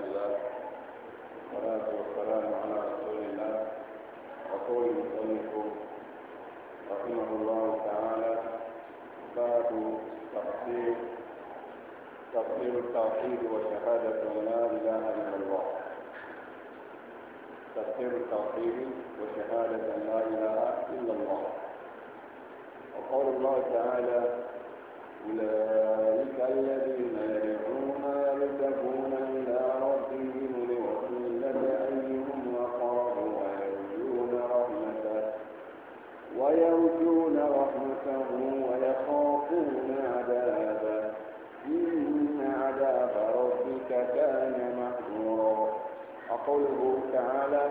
والصلاة والسلام على رسول الله وقول رحمه الله تعالى باب أن لا إله إلا الله أن لا إله إلا الله وقول الله تعالى أولئك الذين ويرجون رحمته ويخافون عذابه إن عذاب ربك كان محذورا وقوله تعالى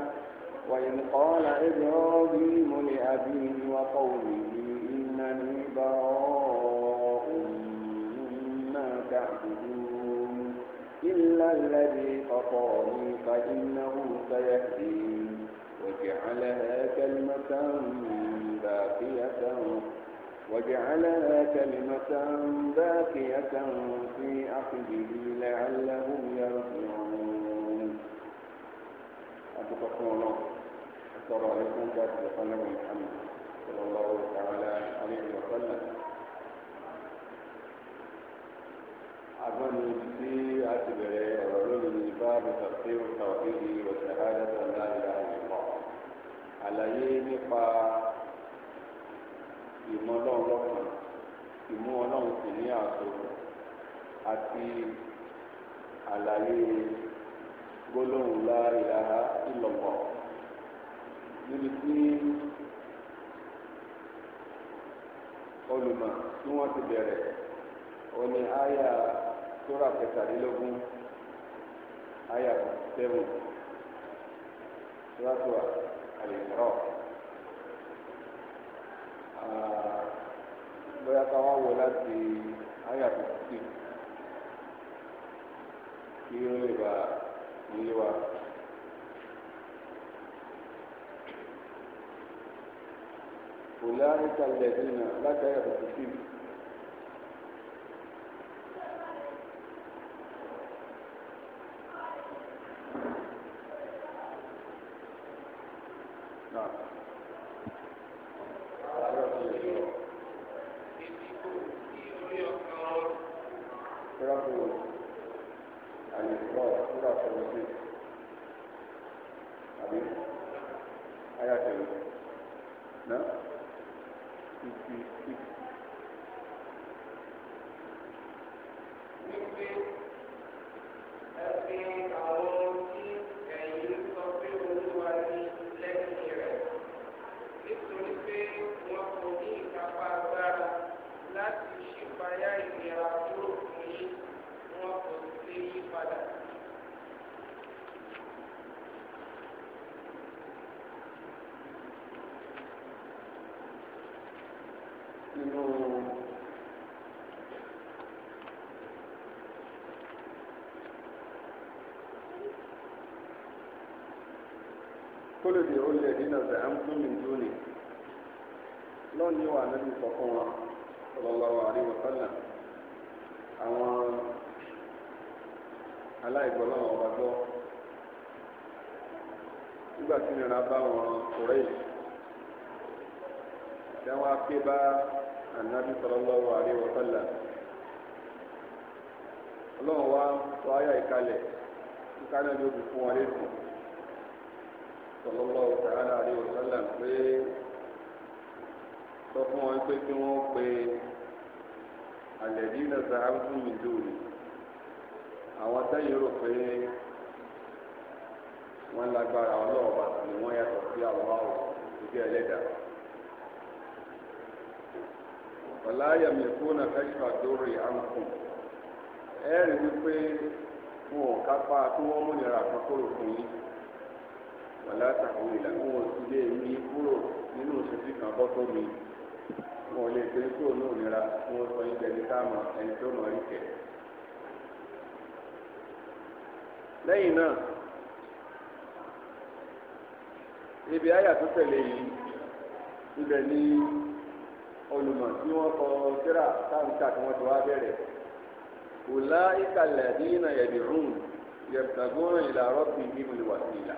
وإن قال إبراهيم لأبيه وقومه إنني براء مما تعبدون إلا الذي فطرني فإنه سيهدين وجعلها كلمة باقية وجعلها كلمة باقية في عقبه لعلهم يرجعون أتقكم الله لكم عليكم كاتب محمد صلى الله تعالى عليه وسلم أظن في أتبعي ورجل من باب تفسير التوحيد وشهادة لا إله إلا الله على يمين ìmọ̀ ọlọ́run lọ́kàn ìmú ọlọ́run sì ní ààtò àti àlàyé gbólóhùn la ilaha níbi tí olùmọ̀ tí wọ́n ti bẹ̀rẹ̀ o ní àyà sórà kẹtàlélógún àyà sẹ́wọ̀n sórà tó bóyá káwá wọ láti àyà fífi kí ó lè bá ilé wa. أولئك الذين لا تعرف فيهم kólé di ó lè dínà zẹ àmúdúmí dúni lọ́ọ̀ni wà nínú ìfọ̀kàn wa sallallahu alaihi wasallam àwọn aláìgbọ́n náà wà gbọ́ nígbà tí nira bá wọn kúrẹ́ yìí tí wọ́n á pé bá ànábì sallallahu alaihi wasallam ọlọ́run wa sọ ayọ̀ ìkalẹ̀ ìkànnì ló fi fún wọn lẹ́sìn sallallahu ta'ala alaihi wa sallam pé sọ fún wọn pé kí wọ́n pe alladina za'amtum min duni àwọn sẹ́yìn rò pé wọ́n lágbára ọlọ́ọ̀bà ni wọ́n yàtọ̀ sí àwọn ìdí ẹlẹ́dàá. ọ̀la ayàmì fúnà kẹ́sìfà dórí àǹkùn ẹ̀rí wípé wọn kápá kí wọ́n múnira kan fún yín wàlá àtàwọn ìlà kí wọn ti lé mi kúrò nínú òṣèlú kan bọ́ tó mi wọn ò lè ṣe kúrò ní òmìnira kí wọn sọ yín dẹni táàmù ẹni tó mọ̀ rí kẹ̀. lẹ́yìn náà ibi àyà tó tẹ̀lé yìí ibẹ̀ ni olùmọ̀ tí wọ́n kọ síra táǹkà tí wọ́n ti wá bẹ̀rẹ̀ ọ̀la ìkàlẹ̀ àdínà yẹ̀dìrún yẹ̀bùtàgùn ìlà rọ́bì mímu ìwàsílà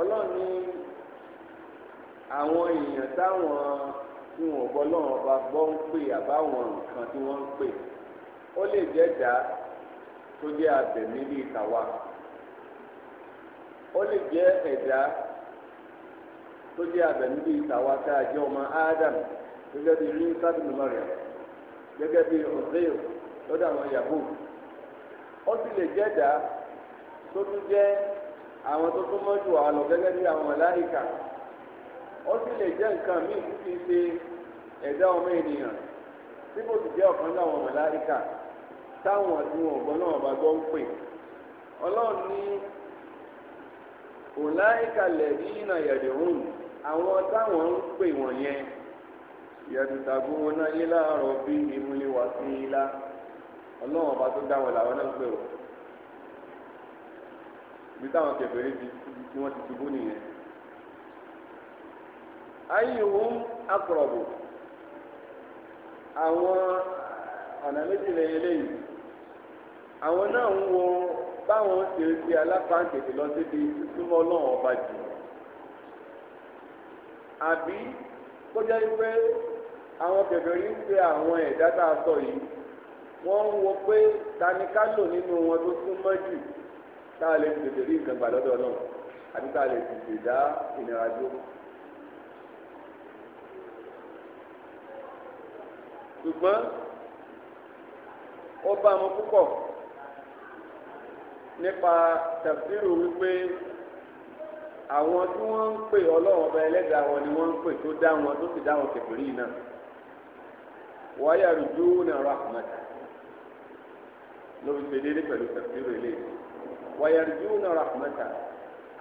ọlọ́run ní àwọn èèyàn táwọn tí wọn bọ́ lọ́wọ́ bá gbọ́ ń pè àbáwọn nǹkan tí wọ́n ń pè ó lè jẹ́ dá tó jẹ́ abẹ̀mí ní ìtàwa ó lè jẹ́ ẹ̀dá tó jẹ́ abẹ̀mí ní ìtàwa tá a jẹ́ ọmọ ádámù gẹ́gẹ́ bí ní sábìlì Mariam gẹ́gẹ́ bí ọ̀sẹ́yò lọ́dọ̀ àwọn yahoo ó sì lè jẹ́ dá tó tún jẹ́ àwọn tó tó mọ́jú wa lọ gẹ́gẹ́ bí àwọn màláíkà ó sì lè jẹ́ nǹkan míì tí kì í ṣe ẹ̀dá ọmọ ènìyàn tí kò sì jẹ́ ọ̀kan láwọn màláíkà táwọn tí wọn gbọ́ náà bá gbọ́ ń pè ọlọ́run ní òláìkà lẹ̀bí ìnà yẹ̀dẹ̀hùn àwọn táwọn ń pè wọ̀n yẹn wọn náà yé láàárọ̀ ọba tó làwọn náà ibi táwọn kèfèrí ti tí wọ́n ti ṣubú nìyẹn. ayyuhum aqrabu àwọn ọ̀nà méjì lẹ́yìn lẹ́yìn àwọn náà ń wo báwọn ṣe ṣe alápáǹkètè lọ síbi súnmọ́ ọlọ́run ọba jù àbí kó jẹ́ pé àwọn kèfèrí ń pe àwọn ẹ̀dá tá a sọ yìí wọ́n ń wo pé ta ni ká lò nínú wọn tó súnmọ́ jù tá a lè fi tètè rí nǹkan gbà lọ́dọ̀ náà àti tá a lè fi tètè dá ìnira dúró. ṣùgbọ́n ó bá mu púpọ̀ nípa tafsiru wípé àwọn tí wọ́n ń pè ọlọ́run ọba ẹlẹ́dàá wọn ni wọ́n ń pè tó dá wọn tó sì dá wọn kẹfìrí náà wọ́n yàrá ojú náà rà kùmọ̀tà lórí ṣe déédéé pẹ̀lú tafsiru wàyẹ̀rìjúnà rahmata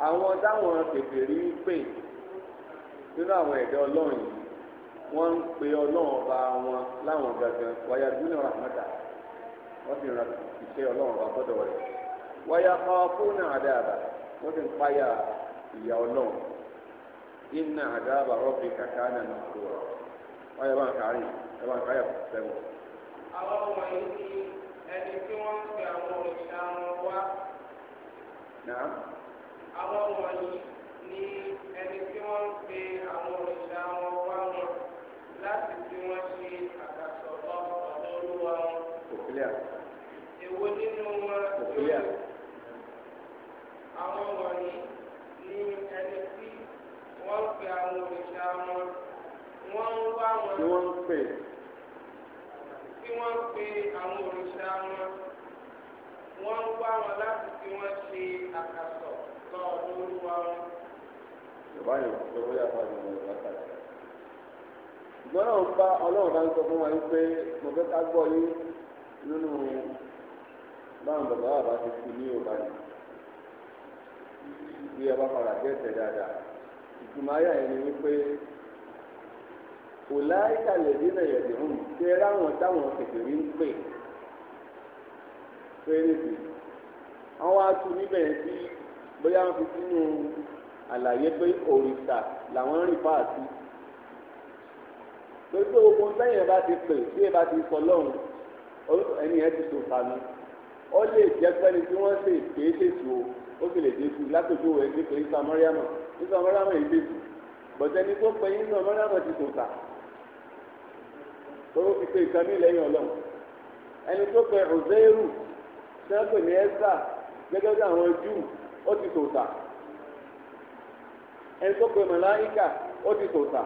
àwọn táwọn kèfèrí ń pè nínú àwọn ọlọ́run yìí wọ́n ń pe ọlọ́run ọba wọn láwọn gangan wàyẹ̀rìjúnà rahmata wọ́n sì ra ìṣe ọlọ́run ọba gbọ́dọ̀ rẹ̀ wàyàkọ̀ fúnà àdáàbà wọ́n sì ń páyà ìyá ọlọ́run inna àdáàbà rọ́bì kàkà náà nà kúrò bá ń kárí ẹ bá ń káyà sẹ́wọ̀n. àwọn ni ẹni tí wọ́n ń pe àwọn wá. àwọn wọ̀nyí ni ẹni tí wọ́n ń pe àwọn òrìṣà wọn wá wọn láti fi wọ́n ṣe àkàtọ̀ ọ̀dọ́ olúwa wọn. òkúlẹ̀. èwo nínú wọn. òkúlẹ̀. àwọn wọ̀nyí ni ẹni tí wọ́n ń pe àwọn òrìṣà wọn wọ́n ń wá wọn. tí wọ́n ń pè. tí wọ́n pe àwọn òrìṣà wọn wọ́n ń wá wọn láti fi wọ́n ṣe àkàsọ̀ lọ́wọ́ olúwa wọn. Yorùbá yóò fi owó yàtọ̀ ní Yorùbá kàdé. Ìgbọ́n náà ń bá ọlọ́run bá ń sọ fún wa yín pé mo fẹ́ ká gbọ́ yín nínú báwọn bàbá bàbá ti fi ní Yorùbá yìí. Bí ẹ bá padà jẹ́ ẹ̀sẹ̀ dáadáa. Ìgbìmọ̀ ayé àyẹ̀ ni wípé kò láyé kàlẹ́ dínà yẹ̀dẹ̀ hùn. Ṣé ráwọn táwọn kẹ̀kẹ́ rí ń pè fẹ́rẹ̀sì àwọn atu níbẹ̀ tí bóyá wọn fi sínú àlàyé pé òrìṣà làwọn ń rìn fáàtì torí pé gbogbo sẹ́yìn ẹ bá ti pè tí ẹ bá ti sọ lọ́hùn ẹni ẹ ti sòfà mi ó lè jẹ́ pẹ́ni tí wọ́n ṣe kéé ṣèṣù o ó sì lè déṣu látòjú òwe ní pé ìsọ mọ́ríàmọ̀ ìsọ mọ́ríàmọ̀ yìí ṣèṣù bọ̀tẹ́ni tó pè ìsọ mọ́ríàmọ̀ ti sòfà tó fi pé ìkànnì lẹ́yìn ọlọ́run ẹni tó pè ọ̀zẹ́rù sẹ́ńpẹ̀ ní ẹ́sà gẹ́gẹ́ bí àwọn júù ó ti tòòtà ẹni tó pe màláíkà ó ti tòòtà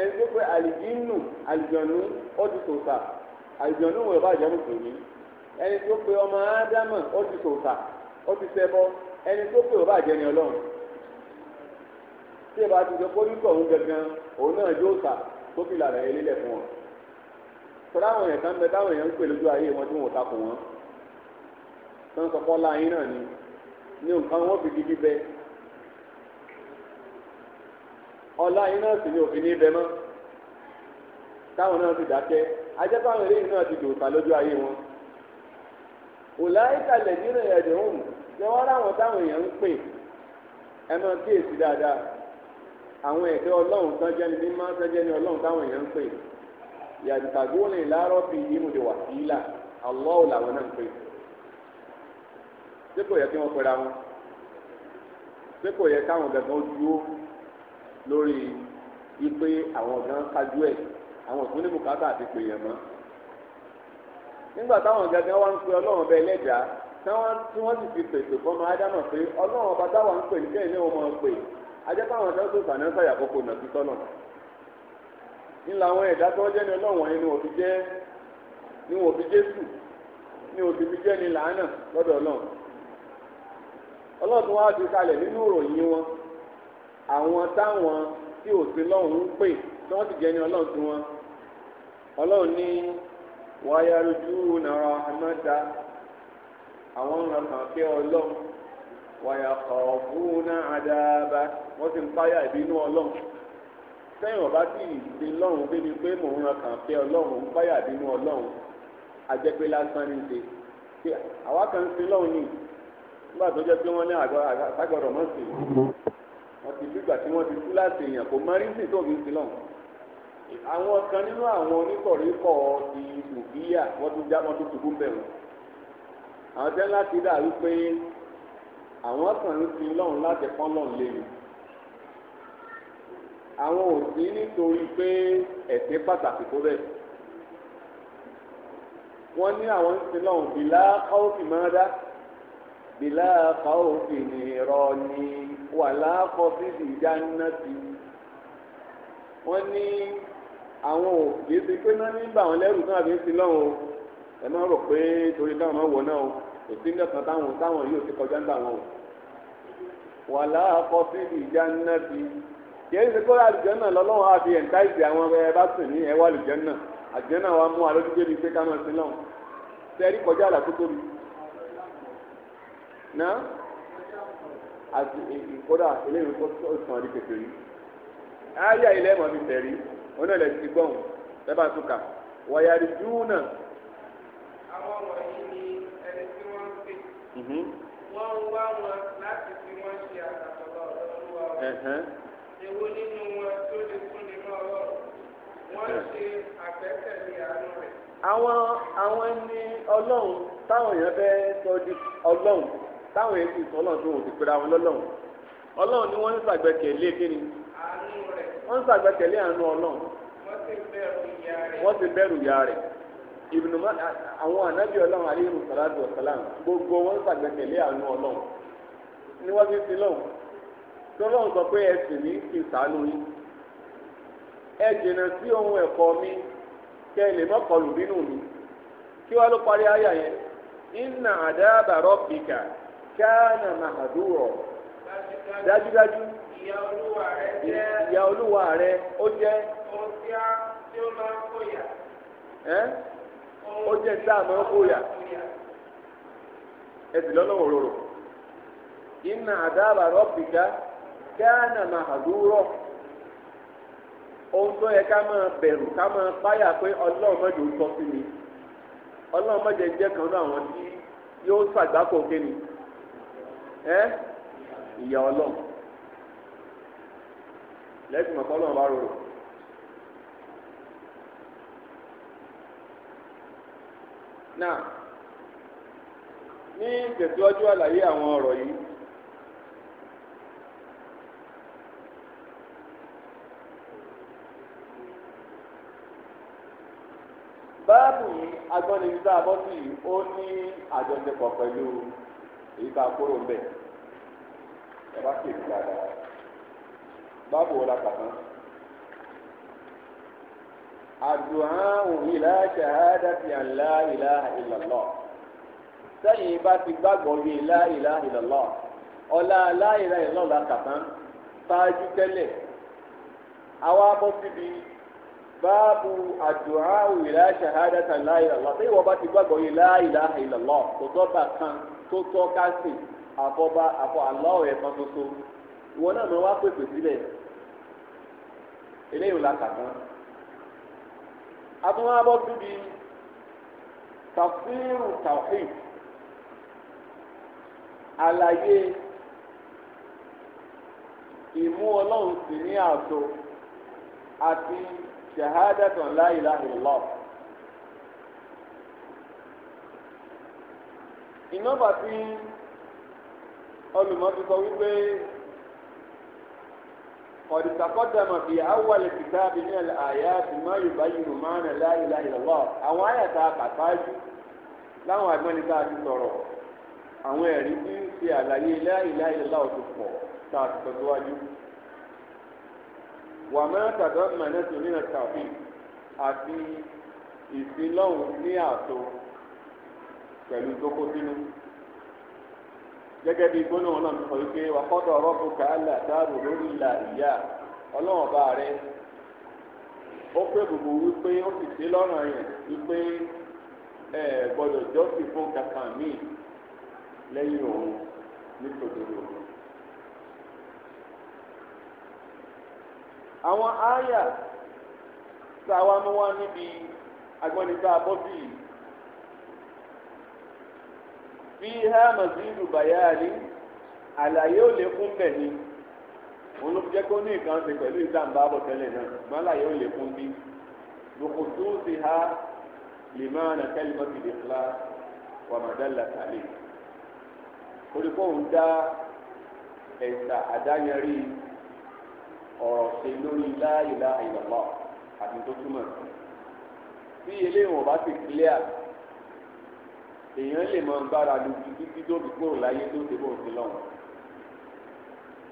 ẹni tó pe àlìjínù àlìjọ̀nù ó ti tòòtà àlìjọ̀nù wọ̀ bá jẹ́ mùsùlùmí ẹni tó pe ọmọ ádámà ó ti tòòtà ó ti ṣẹbọ ẹni tó pe ọba àjẹni ọlọ́run tí ìbá ti sọ pé onítọ̀ òun gangan òun náà yóò tà tó fi làrá ilé lẹ̀ fún ọ. tọ́lá àwọn èèyàn kan bẹ táwọn èèyàn ń pè lójú ayé wọn tí wọn ò takò wọn tó ń sọ kọ́lá yín náà ni ní nǹkan wọn fi gidi bẹ ọlá yín náà sì ni òfin ní bẹ mọ́ táwọn náà ti dákẹ eléyìí náà ti dòòtà lójú ayé wọn ṣé wọ́n ráwọn táwọn èèyàn ń pè ẹ máa kíyèsí dáadáa àwọn ẹ̀kẹ́ ọlọ́run ọlọ́run táwọn èèyàn ń pè. yàtàgóòlè lárọ́ fi yín de wà Allahu làwọn náà yẹ pera wọn ṣé kò yẹ káwọn gàgán dúró lórí wípé àwọn gan kájú ẹ̀ àwọn ìpínlẹ̀ bùkátà pe ọlọ́run bẹ́ẹ̀ lẹ́dàá tí wọn sì fi pèsè fọmọ adama pé ọlọ́run ọba táwọn ń pè ní kẹ́hìn ní wọn àwọn tó ńlá àwọn ẹ̀dá tó jẹ́ ní ọlọ́wọ̀n yẹn ni wọ́n fi jẹ́ ni wọ́n fi jésù ni fi jẹ́ ni làánà lọ́dọ̀ wá ti kalẹ̀ nínú ìròyìn wọn àwọn táwọn tí òsín lọ́hùn ń pè tí wọ́n jẹ́ ní ọlọ́run tí wọ́n ọlọ́run sẹ́yìn ọba sì ti lọ́run débi pé mò ń ran kàn fẹ́ ọlọ́run ń báyà bínú ọlọ́run àjẹpé lásán ní ṣe pé àwa kan ń sin lọ́run ní nígbà tó jẹ́ pé wọ́n ní àgbàgbọ́dọ̀ mọ̀ sí wọ́n ti dìgbà tí wọ́n ti kú láti èèyàn kò mọ rísì tó fi ń sin lọ́run. àwọn kan nínú àwọn oníkọ̀ríkọ̀ ti sùfíà wọ́n tún já wọ́n tún ṣubú ń bẹ̀rù àwọn tẹ́ńlá ti dà wípé àwọn kan ń sin lọ́run láti pọ́n lọ́run lé àwọn ò sí nítorí pé ẹ̀sìn pàtàkì tó bẹ̀. wọ́n ní àwọn ń sin lọ́hùn bìlá káwọ́fì máa dá bìlá káwọ́fì nìrọ̀ ni wàlá kọfí ìdáná ti. wọ́n ní àwọn ò kì í ti pé náà nígbà wọn lẹ́rù náà fi ń sin lọ́hùn o ẹ má rò pé torí táwọn máa wọ náà o kò sí nígbà kan táwọn táwọn yóò ti kọjá ń gbà wọn o wàlá kọfí ìdáná ti kìí ṣe kó àlùjànnà lọ́lọ́wọ́ àfi ẹ̀ńtá ìsì àwọn ẹ bá sìn ní ẹwà àlùjànnà àlùjànnà wa mú alójúgbé ni pé ká máa sin lọ́wọ́ sẹ́ẹ̀rí kọjá àlà tó tóbi ná àti ìkódà eléyìí kó sàn àdí kékeré yìí ayé ilé ẹ̀mọ́ mi tẹ̀rí oní ẹ̀lẹ́ ti gbọ́n lẹ́bàá tó kà wàyàrí júùnà. àwọn wọ̀nyí ni ẹni tí wọ́n ń mhm. wọ́n ń wá wọn láti fi wọ́n ṣe àtàkọ́lọ́ ọ̀dọ́ èwo nínú wọn tó lè fún ni mọ́ ọ wọ́n ṣe àgbẹ́kẹ̀lé àánú rẹ̀. àwọn àwọn ẹni táwọn èèyàn fẹ́ sọ di ọlọ́run táwọn èèyàn sì sọ ọlọ́run tó ti wọn ọlọ́run ni wọ́n ń ṣàgbẹ́kẹ̀lé kíni wọ́n ń ṣàgbẹ́kẹ̀lé àánú ọlọ́run wọ́n ti ìyá rẹ̀ ìbùnú àwọn ànábì ọlọ́run tọ́lọ́ ń sọ pé ẹ ní kí n yín ẹ jìnnà sí ohun ẹ̀kọ́ mi kẹ́ ẹ lè mọ́kọlù bínú mi kí wàá ló parí ayà yẹn inna adaba rabbika kana mahaduro dájúdájú ìyà olúwa rẹ ó jẹ́ ó jẹ́ tá a máa ń kóyà ẹ sì lọ́nà òróró gánà rọ ohun tó yẹ ma máa ka ma máa báyà pé ọlọ́run mọ̀jọ sọ sí mi ọlọ́run mọ̀jọ jẹ́ kan náà àwọn tí yóò ṣàgbákò ẹ ìyá ọlọ́run lẹ́sìn mọ̀kọ́ ọlọ́run bá rọrùn. náà ní ìtẹ̀síwájú àlàyé àwọn ọ̀rọ̀ báàbù yìí agbọ́nibí tá a bọ́ sí yìí ó ní àjọṣepọ̀ pẹ̀lú èyí tá a kúrò ń bẹ̀ ẹ bá kí èyí dáadáa báàbù wo la kà tán. àdùhánù ìlà ṣàhádà ti an la ilaha illallah sẹ́yìn bá ti gbàgbọ́ bíi la ilaha ọ̀la la ilaha la kà tán ṣáájú tẹ́lẹ̀ àwa bọ́ síbi báàbù àdùá ìlà ṣahádà tà láìlàlá tí ìwọ bá ti gbàgbọ́ yìí láìlà ìlàlá kò tọ́ba kan tó tọ́ka sí àfọba àfọ aláwọ̀ ẹ̀ kan tuntun ìwọ náà máa wá pèpè sílẹ̀ eléyìí ò la kà tán àtúnwá bọ́ àlàyé ìmú ọlọ́run sì ní àtò àti. شهادة لا إله إلا الله iná bá ti olùmọ̀tò sọ wípé ọ̀dìsàkọ́dàmọ̀ bíi awọ́lẹ̀ kìtà bíi ní àyà àti àwọn àyàtà kàtàjù láwọn àgbọ̀nì tá a ti sọ̀rọ̀ àwọn ẹ̀rí tí wà má tàbá mọ̀nẹ́sì nínú tàbí àti ìsinlọ́hùn ní ààtò pẹ̀lú tókó sínú. gẹ́gẹ́ bí gbólóhùn náà sọ wípé wàkọ́tọ̀ rọ́pò kàálà dáàbò lórí ìlà ìyá ọlọ́run ọba rẹ ó pé gbogbo wípé ó sì ṣe lọ́rùn yẹn wípé ẹ gbọ́dọ̀ jọ́sìn fún kankan míì lẹ́yìn òun nítorí òun. àwọn àyà tá a wá mú wá níbi agbọ́nìta bọ́bí fi ha mazidu bayani àlàyé ò lè fún bẹ̀ ni òun ló fi jẹ́ kó ní nǹkan ṣe pẹ̀lú ìjàmbá bọ̀ tẹ́lẹ̀ náà ṣùgbọ́n àlàyé ò lè fún bí lùkùtù sí ha lè máa nà kẹ́lìmọ́ ti lè fila wàmàdàlà kàlẹ́ olùkọ́ òun dá ẹ̀sà àdáyẹrí ọ̀rọ̀ ṣe lórí la ilaha illallah àti tó túmọ̀ sí. bí eléyìí wọn bá ti clear èèyàn lè mọ gbára lu títí tó fi kúrò láyé tó ti bóun ti lọ́wọ́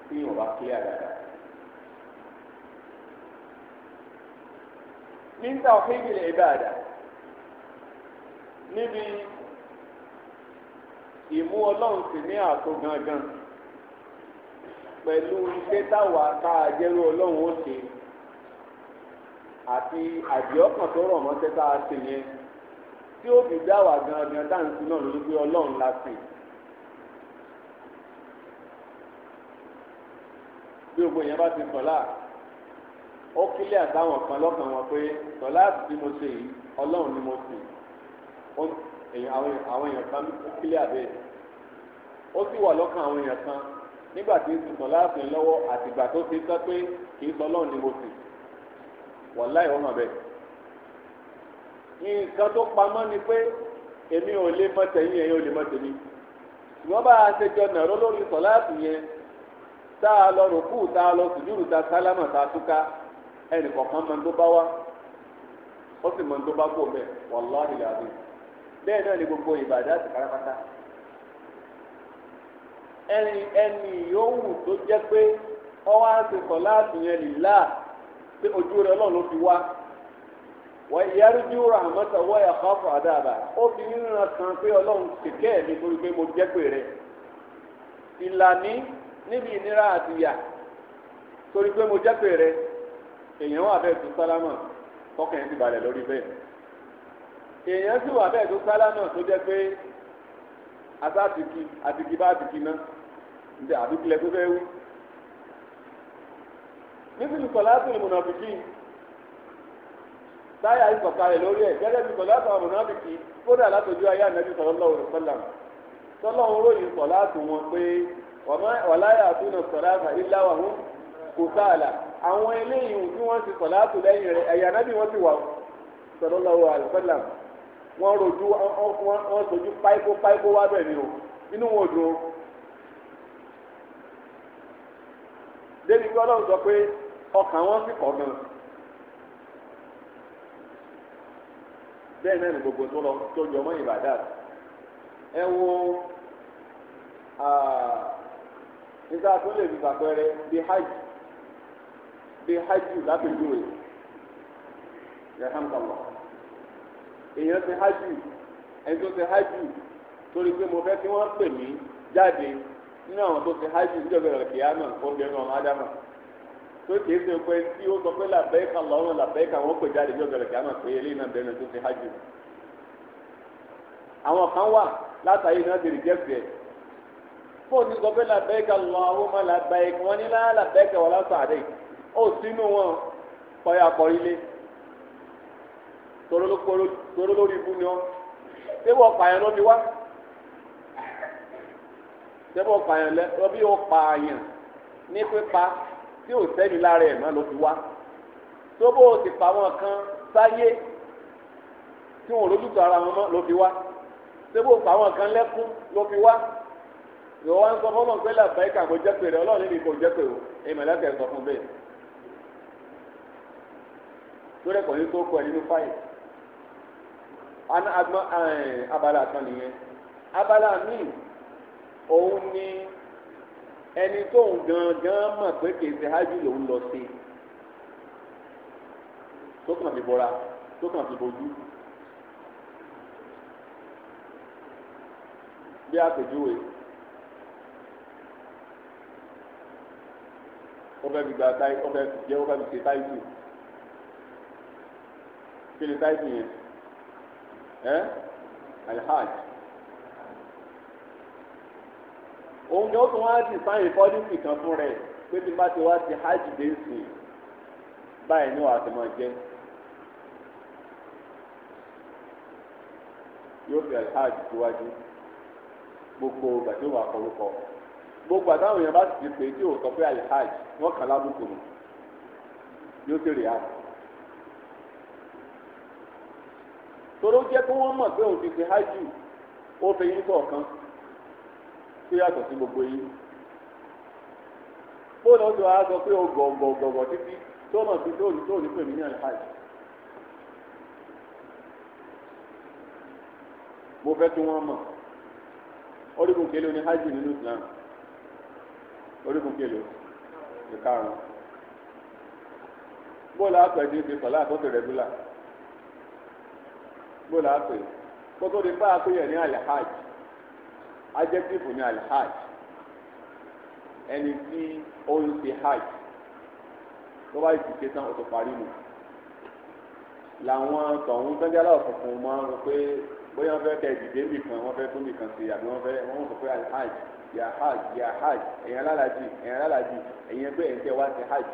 bí wọn bá clear dáadáa. min tawhidil ibada níbi ìmú ọlọ́run sì ní àtò gangan pẹ̀lú iṣẹ́ táwa ká ajẹ́rú ọlọ́run ó ṣe àti àdìọ́kàn tó rọ̀ mọ́ṣẹ́ tá a ṣe yẹn tí ó fi dá wà gan-an dáǹtí náà lórí pé ọlọ́run la sìn. bí gbogbo yẹn bá ti sọ̀lá ó kílẹ̀ àtàwọn kan lọ́kàn wọn pé sọ̀lá tí mo ṣe yìí ọlọ́run ni mo sìn àwọn èèyàn kan kílẹ̀ àbẹ́ ó sì wà lọ́kàn àwọn èèyàn kan nígbà tí ń sọ láàfin lọ́wọ́ àtìgbà tó ti sọ pé kì í sọ lọ́run ni mo sì wàláì ọmọ bẹ́ẹ̀. nǹkan tó pamọ́ ni pé èmi ò lè mọ tẹ̀yìn ẹ̀yin ò lè mọ tèmi ṣùgbọ́n bá a ṣe jọ nàró lórí sọ láàfin yẹn tá a lọ rùkú tá a lọ sùjúrù tá a sálámà tá a túká ẹnì kọ̀ọ̀kan mọ tó bá wá ó sì mọ tó bá kó bẹ́ẹ̀ wàláì làbí bẹ́ẹ̀ náà ni gbogbo ìbàdàn àti kárápátá ẹni ẹni yòówù tó jẹ́ pé ọwọ́ àti sọ̀lá àtìyẹn lìlá pé ojú rẹ̀ ọlọ́run ló fi wá wọ́n ìyárújú rahmat ọwọ́ ẹ̀ kọ́fù àdáàbà ó fi ríran kan pé ọlọ́run kẹ̀kẹ́ mi torí pé mo jẹ́ rẹ̀ ìlàní níbi ìnira àtìyà torí pé mo jẹ́ rẹ̀ èèyàn wà bẹ́ẹ̀ tó sálámà kọ́kàn ti balẹ̀ lórí bẹ́ẹ̀ èèyàn sì wà bẹ́ẹ̀ tó sálámà tó jẹ́ pé asátìkì àtìkì bá àtìkì náà ǹjẹ́ àbíkílẹ̀ tó fẹ́ wí. nítorí kọ̀láàtì mùnàfìkì táyà ìsọ̀kalẹ̀ lórí ẹ̀ gẹ́gẹ́ bí kọ̀láàtì mùnàfìkì kódà látọjú ayé ànábì sallallahu alaihi wasallam tọ́lọ́run ròyìn kọ̀láàtì wọn pé wàláyà àtúnà sọ̀láàtà ilá wà hún kò sáàlà àwọn eléyìí tí wọ́n ti sọ̀láàtì lẹ́yìn rẹ̀ ẹ̀yà ànábì wọ́n ti wà sallallahu alaihi wasallam wọ́n rojú wọ́n sojú páíkó páíkó wá bẹ̀ ni o inú wọn dùn débi pé ọlọ́run sọ pé ọkàn wọn sì kọ̀ gan. bẹ́ẹ̀ náà ní gbogbo tó lọ tó jọ mọ́ ìbàdàn ẹ wo nígbà tó lè fi sàpẹrẹ bí hajj bí hajj lápẹjúwe yàtàǹkàlọ èèyàn ti hajj ẹni tó ti hajj torí pé mo fẹ́ kí wọ́n pè mí jáde nínú àwọn tó ti hajj níjọba ìrọ̀lẹ́ kìámà oúnjẹ náà ádámà tó kìí ṣe pé tí ó sọ pé làbẹ́ẹ̀ka lọ́rùn làbẹ́ẹ̀ka wọ́n pè jáde níjọba ìrọ̀lẹ́ kìámà pé eléyìí náà bẹ̀rẹ̀ tó ti hajj. àwọn kan wà látàyè náà ti rìjẹ́pì ẹ̀ fóònù ní sọ pé làbẹ́ẹ̀ka lọ́rùn làbẹ́ẹ̀ka wọ́n ní làbẹ́ẹ̀ka wọ́n lásàdẹ̀ ó sínú wọn kọ́yà kọ́ ilé torólórí ibú ni wọ́n ṣé wọ́n pààyàn ló wá sẹ́fọ̀ pààyàn lẹ ọbí yóò pààyàn ní pípa tí ò sẹ́ni lára ẹ̀ náà ló fi wá tóbó ti pa wọn kan sáyé tí wọn ò lójútó ara wọn mọ́ ló fi wá tóbó pa wọn kan lẹ́kún ló fi wá yòò wá ń sọ fọlọ́n pé làbẹ́ kà kò jẹ́ pèrè ọlọ́run níbi kò jẹ́ pèrè ìmọ̀lẹ́kẹ̀ sọ fún bẹ́ẹ̀ lórí ẹ̀kọ́ yìí tó kọ ẹ̀ nínú fáyì abala kan nìyẹn abala míì òun ni ẹni tó ń gangan mọ̀ pé kì í ṣe hajj lòun lọ sí tó kàn fi bọ́ra tó kàn fi bojú. bí àpèjúwe ó fẹ́ fi gba táì ó fẹ́ jẹ́ ó fẹ́ fi ṣe táìtù kí ni táìtù yẹn ẹ́ alhaj. òun ni ó tún wá di sáyìn fọ́lífì kan fún rẹ̀ pé tí bá ti wá hajj dé sí i báyìí ni wàá ti mọ jẹ́ yóò fi hajj síwájú gbogbo ìgbà wà kọ́lùkọ́ gbogbo àtàwọn èèyàn bá sì ti pè é tí ò sọ pé toro jẹ́ kí wọ́n mọ̀ pé òun ti fi hajj ó yín tó yàtọ̀ sí gbogbo yìí fóònù ọdún wa sọ pé o gọ̀gọ̀gọ̀gọ̀ títí tó mọ̀ sí tóòlù tóòlù pè mí ní àlàyé mo fẹ́ kí wọ́n mọ̀ orígun kelo ni hajj nínú Islam orígun kelo ìkarùn bóòlù àpẹjù ti sọ̀lá àtọ́tò rẹ́gúlà bóòlù àpẹ kótó di fáà pé yẹn ní àlẹ́ hajj. adjective ní alhaj ẹni tí ó ń ṣe hajj tó bá ti ṣe tán o tó parí mu làwọn tọ̀hún tó ń jẹ́ aláwọ̀ funfun máa ń rò pé bóyá wọ́n fẹ́ kẹ́ dìde nìkan wọ́n fẹ́ tún nìkan ṣe àbí wọ́n fẹ́ wọ́n sọ pé alhaj ya hajj ya hajj ẹ̀yin alálàjì ẹ̀yin alálàjì ẹ̀yin ẹgbẹ́ ẹ̀yin tẹ́ wá ṣe hajj.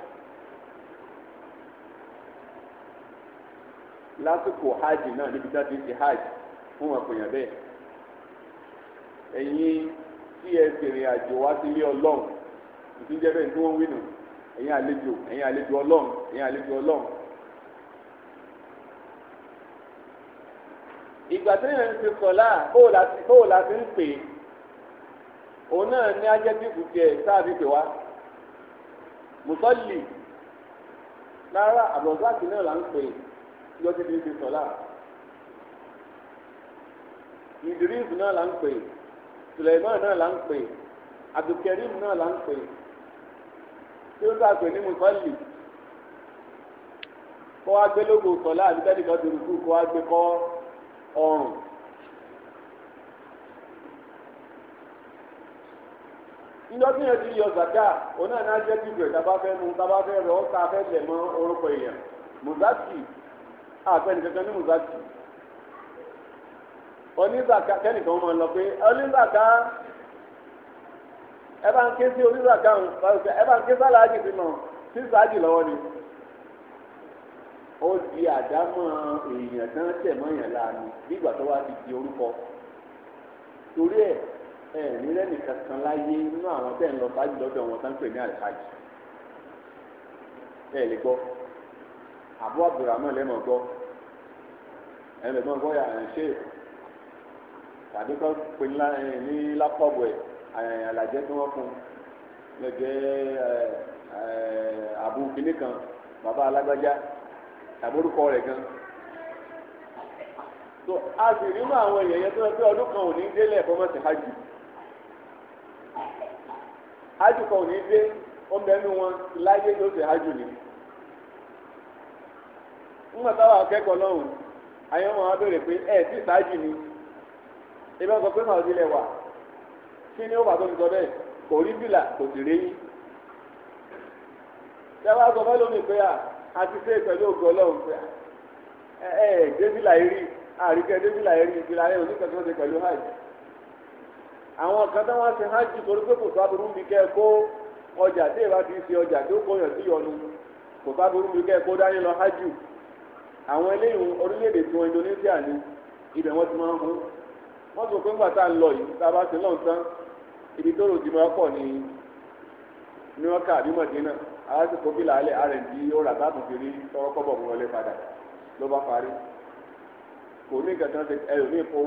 lásìkò hajj náà níbi tá a ti ṣe hajj fún ọ̀pọ̀ èèyàn bẹ́ẹ̀ ẹ̀yin tí ẹ bẹ̀rẹ̀ àjò wá sí ilé ọlọ́run ìdíjẹ́ bẹ́ẹ̀ tí wọ́n wí nù ẹ̀yin àlejò ẹ̀yin àlejò ọlọ́run ẹ̀yin àlejò ọlọ́run. ìgbà tí èèyàn ń fi sọ̀lá bóò la ti ń pè é òun náà ní ajẹ́bíkù tiẹ̀ sáàbí pè wá mùsọ́lì lára àbọ̀sáàkì náà là ń pè é lọ́sibí fi sọ̀lá ìdírísù náà là ń pè é. Suleiman náà là ń pè Abdulkarim náà là ń pè tí ó bá pè ní mùsọ̀lì kó wá gbé lógo sọ̀lá àti tẹ́lifíṣọ́ ti rúkú kó wá gbé kọ́ ọrùn. níjọ́ tí yẹn ti yọ zaka òun náà náà jẹ́ kíkẹ́ tábà fẹ́ mu tábà fẹ́ rẹ̀ ta fẹ́ lẹ̀ mọ́ orúkọ èèyàn mùsàtì àfẹnìkankan ní mùsàtì onígbàká kẹ́nìkan mọ̀ lọ pé onígbàká ẹ bá ń ké sí onígbàká ẹ bá ń ké sálàájì sí mọ̀ sí sáájì lọ́wọ́ ni ó di àdámọ̀ èèyàn tán tẹ̀ mọ́yàn láàánú nígbà tó wá ti di orúkọ torí ẹ̀ ẹ̀ nílẹ̀ nìkan kan láyé nínú àwọn tẹ̀ ń lọ sáájì lọ́dọ̀ wọn tán pè ní àlùfáàjì ẹ̀ lè gbọ́ àbú abdulrahman lẹ́mọ̀ gbọ́ ẹ̀ lè gbọ́ gbọ́ yà ẹ̀ ṣe é tàbí kọ́ pé ní eh, lápọ̀bù ẹ̀ àlàjẹ́ eh, tí wọ́n fún gẹ́gẹ́ eh, àbú kínní kan bàbá alágbájá àbórúkọ rẹ̀ gan. tó a sì nínú àwọn èèyàn yẹn tó yẹ pé ọdún kan ò ní délẹ̀ fọmọ́sì hajj hajj kan ò ní dé ó ń bẹnu wọn láyé ló ṣe hajj ni ń gbà táwọn akẹ́kọ̀ọ́ lọ́hùn-ún àyẹ̀wò wọn á béèrè pé ẹ̀ tí sáájì ni ebi ọsọ pé màá dilẹ̀ wà kí ni ó bàtọ́ nìkan bẹ́ẹ̀ kò rí bìlà kò sì réyìn. Ṣẹ́wá sọ fẹ́ lómi pé à àti ṣe pẹ̀lú òkú ọlọ́run pé ẹ ẹ débìlà eré àríkẹ́ débìlà eré ìbìlà rẹ̀ oníkẹ́kẹ́ ṣe pẹ̀lú hajj. Àwọn kan tó wá ṣe hajj torí pé kò sábúrú mi kẹ́ kó ọjà tí èèyàn ti ṣe ọjà tó kọyàn sí yọnu kò sábúrú mi kẹ́ kó dání lọ hajj. Àwọn eléyìí orílẹ̀-èdè tiwọn Indonesia ni ibẹ̀ wọ́n ti máa ń hún wọ́n sọ pé ńgbà tá a ń lọ yìí tá a bá ti lọ́n tán ibi tó rò dìmọ́ pọ̀ ní ní ọkà àbí mọ̀dínà alásìkò bí làálẹ̀ rnd ó rà bá tún fi rí tọrọ kọ́bọ̀ mú wọlé padà ló bá parí kò ní kankan ṣe ẹlòmíì kó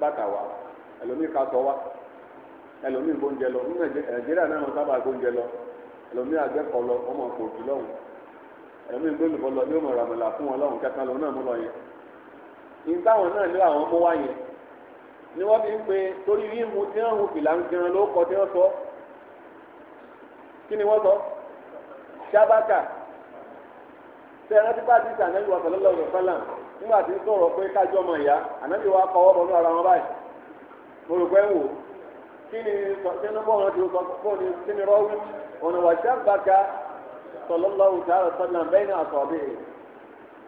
bàtà wá ẹlòmíì ká sọ wá ẹlòmíì gbóúnjẹ lọ nàìjíríà náà wọn sábà gbóúnjẹ lọ ẹlòmíì àgbẹ̀kọ lọ ọmọ kò jù lọ́hùn ẹlòmíì gbólùbọ lọ ní òmùràmùlà fún wọn lọ́hùn kankan lọ náà mú lọ yẹn ìgbà wọn náà lé àwọn mú wá yẹn ni wọ́n fi ń pe torí wíwu tí wọ́n hun fìlà ń gan ló kọ tí wọ́n sọ kí ni wọ́n sọ sábàkà tẹ ẹrántí bá ti sàn ẹni wà sọlọ́lọ́ ọ̀sán sálà nígbà tí ń sọ̀rọ̀ pé kájọ́ ọmọ ìyá ànábì wa kọ́ ọ́bọ̀ ní ara wọn báyìí mo rò pé ń wò kí ni sẹ́nubọ́ wọn ti sọ fún ni kí ni rọ́wí ọ̀nà wà sábàkà sọlọ́lọ́ ọ̀sán sálà bẹ́ẹ̀ ni àtọ̀ bẹ́ẹ̀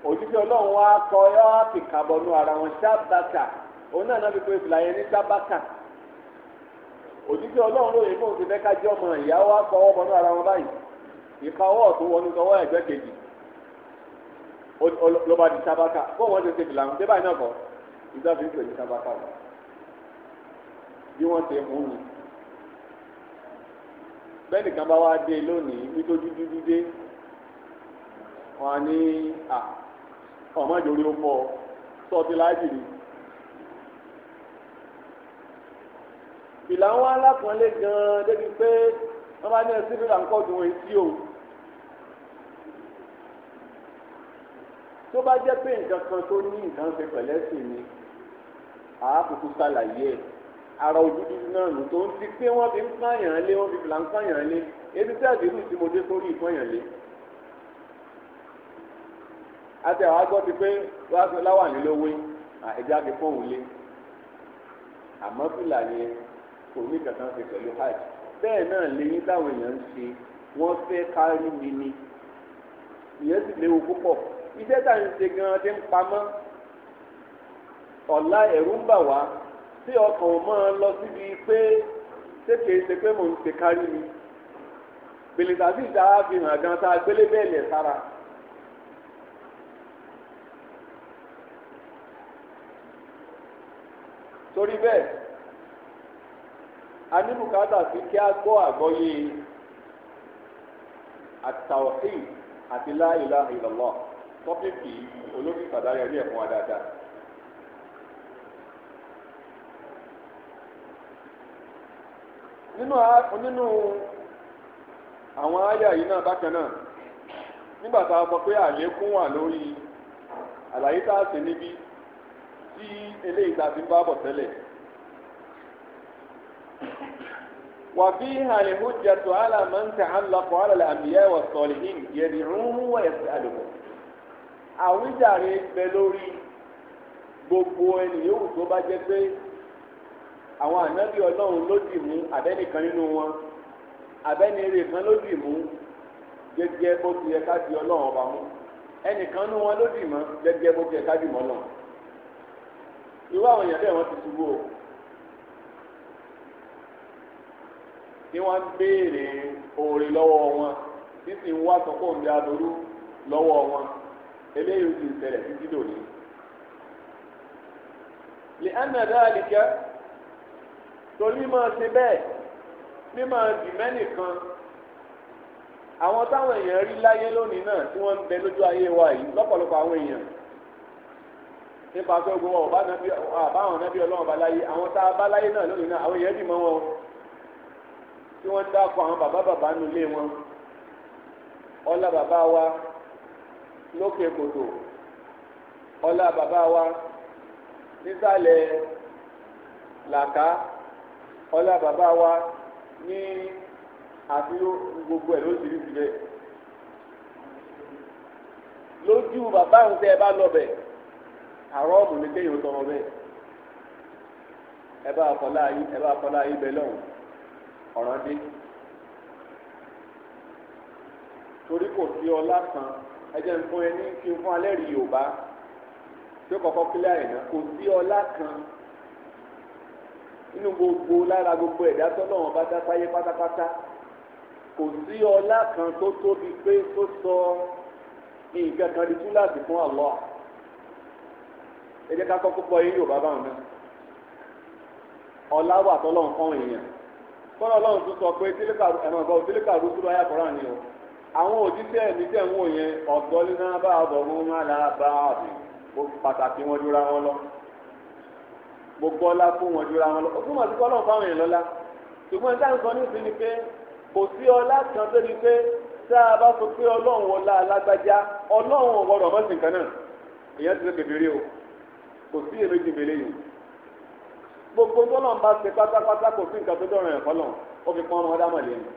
òjijì ọlọ́run wa kọ́ ọ́ kìkàbọ̀ ní ara wọn sábàkà òun náà náà fi pé ìfìlà yẹn ní sábàkà òjijì ọlọ́run lóye fún òsì mẹ́ka jẹ́ ọmọ ìyàwó àfọwọ́ bọ́nú ara wọn báyìí ìka ọwọ́ ọ̀tún wọnú ọwọ́ ẹ̀gbẹ́ kejì ló bá di sábàkà fóun wọn ti ṣe ìfìlà ńdé báyìí náà kọ́ ìjọba fi ń pè ní sábàkà wọn bí wọ́n ṣe mú mi bẹ́ẹ̀ nìkan bá wá dé lónìí nítorí dúdú dé wọn á ní ọmọ ìjòrí ó fọ sọ́ọ́tì láìpì ìlà wọn alákùnrin gan-an débi pé wọ́n bá ní ẹsẹ̀ bí làǹkọ́ dùn etí o. tó bá jẹ́ pé nǹkan kan tó ní nǹkan ṣe pẹ̀lẹ́sìn ni àákùkù ṣàlàyé ẹ̀ ara òdúdú náà nù tó ń ti pé wọ́n fi ń pààyàn lé wọ́n fi fìlà ń pààyàn lé ebi tí àdéhùn tí mo dé sórí ìpààyàn lé. àti àwọn agbọ́ ti pé wọ́n á fi láwà nílówé ẹ̀jẹ̀ á fi fọ́ọ̀hún lé àmọ́ fìlà yẹn kò ní kankan ṣe pẹ̀lú hajj bẹ́ẹ̀ náà lẹ́yìn táwọn èèyàn ń ṣe wọ́n fẹ́ kárí mi ni ìyẹn sì léwu púpọ̀ iṣẹ́ tá à ń ṣe gan-an ti ń pamọ́ ọ̀la ẹ̀rù ń bà wá tí ọkàn máa lọ síbi pé ṣé kìí ṣe pé mò ń ṣe kárí mi bèlèsàtì ìdára fi hàn gan tá a gbélé bẹ́ẹ̀ lẹ̀ sára. torí bẹ́ẹ̀ a ní bùkátà sí kí a gbọ́ àgbọ́yé àtàwọ̀hìn àti la ilaha illallah tọ́pìkì olórí ìpàdáyà ilé ẹ̀fọn àdáadáa. nínú nínú àwọn àyà yìí náà bákan náà nígbà tá a sọ pé àlékún wà lórí àlàyé tá a ṣe níbi tí eléyìí tá a ti ń bá bọ̀ tẹ́lẹ̀. وفيها الحجة على من تعلق على الأنبياء والصالحين يدعوه ويسأله àwíjàre bẹ lórí gbogbo ẹni yòówù tó bá jẹ pé àwọn ànábì ọlọ́run ló dì mú abẹ́nìkan nínú wọn abẹ́ni eré kan ló dì mú gẹ́gẹ́ bó ti yẹ ká di ọlọ́run ọba mú ẹnìkan nínú wọn ló dì mọ́ gẹ́gẹ́ bó ti yẹ ká dì mọ́ náà irú àwọn èèyàn bẹ́ẹ̀ wọ́n ti ṣubú o. tí wọ́n ń béèrè oore lọ́wọ́ wọn títí wá sọ́kò ń bí aburú lọ́wọ́ wọn eléyìí ti ṣẹlẹ̀ títí dòní. lè ana dáàlìkẹ́ torí máa ṣe bẹ́ẹ̀ ní máa dì mẹ́nìkan àwọn táwọn èèyàn rí láyé lónìí náà tí wọ́n ń bẹ lójú ayé wa yìí lọ́pọ̀lọpọ̀ àwọn èèyàn nípa pé gbogbo ọ̀bá àwọn nábì ọlọ́run bá láyé àwọn tá a bá láyé náà lónìí náà àwọn èèyàn dì mọ́ wọn o tí wọ́n dákọ̀ àwọn bàbá bàbá nu lé wọn ọlá bàbá wa lókè kòtò ọlá bàbá wa nísàlẹ̀ làká ọlá bàbá wa ní àti gbogbo ẹ̀ lóṣìṣì bẹ́ẹ̀ lójú bàbá ń tẹ́ ẹ bá lọ bẹ̀ àrọ́ọ̀mù ní kéèyàn tọrọ bẹ́ẹ̀ ẹ bá kọ́lá yìí ẹ bá kọ́lá yìí bẹ́ẹ̀ lọ́hùn ọ̀ràn dé torí kò sí ọlá kan ẹjẹ ń fún ẹ ní kí n fún alẹ́ rí yorùbá tí ó kọ́kọ́ kílẹ̀ àìná kò sí ọlá kan nínú gbogbo lára gbogbo ẹ̀dá tọ́lọ́ wọn bá dá sáyé pátápátá kò sí ọlá kan tó tóbi pé tó sọ nǹkan kan di túláàsì fún àlọ́ ẹ jẹ́ ká kọ́kọ́ gbọ́ yín yorùbá báwọn náà ọlá wà tọ́lọ́ nǹkan èèyàn kọ́lá ọlọ́run tó sọ pé tílíkà ẹ̀mọ̀ ìgbà tílíkà rúdúró ayé àkọ́rà ni o àwọn òjíṣẹ́ ẹ̀mí tẹ̀ ń wò yẹn ọ̀dọ́ ní náà bá ọ̀dọ̀ mú má la bá àbí pàtàkì wọn jura wọn lọ gbogbo ọlá fún wọn jura wọn lọ òtún mọ̀ sí kọ́lọ́ fáwọn èèyàn lọ́la ṣùgbọ́n ìta nǹkan ní ìsinmi pé kò sí ọlá kan tó ní pé tá a bá sọ pé ọlọ́run wọlá alágbájá ọlọ́run o kò gbogbo tọ́lọ̀ ń bá ṣe pátápátá kò sí nǹkan tó dọ̀rọ̀ ẹ̀kọ́ lọ ó fi pọ́n ọmọ dámọ̀ lé mi.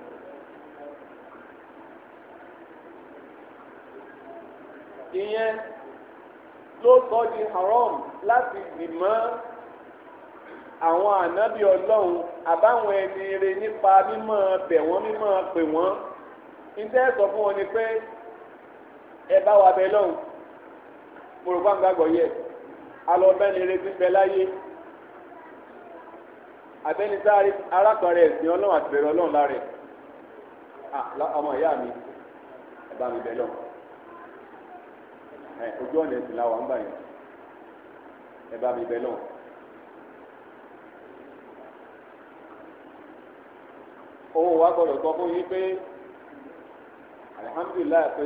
ìyẹn ló sọ di haram láti dìmọ́ àwọn ànábì ọlọ́run àbáwọn ẹni rẹ nípa mímọ́ bẹ̀ wọ́n mímọ́ pè wọ́n níṣẹ́ sọ fún wọn ni pé ẹ bá wa bẹ lọ́hùn mo rò pàǹgàgbọ̀ yẹ alọ́ bẹ́ni retí bẹ láyé. abẹ́ni sáré arákùnrin ẹ̀sìn ọlọ́run àtìbẹ̀rẹ̀ ọlọ́run lára ẹ̀ ọmọ ìyá mi ẹ mi ojú ọ̀nà ẹ̀sìn làwọn ń gbà yẹn ẹ mi bẹ̀ wa gbọ́dọ̀ sọ fún yín pé alihamudulilayi pé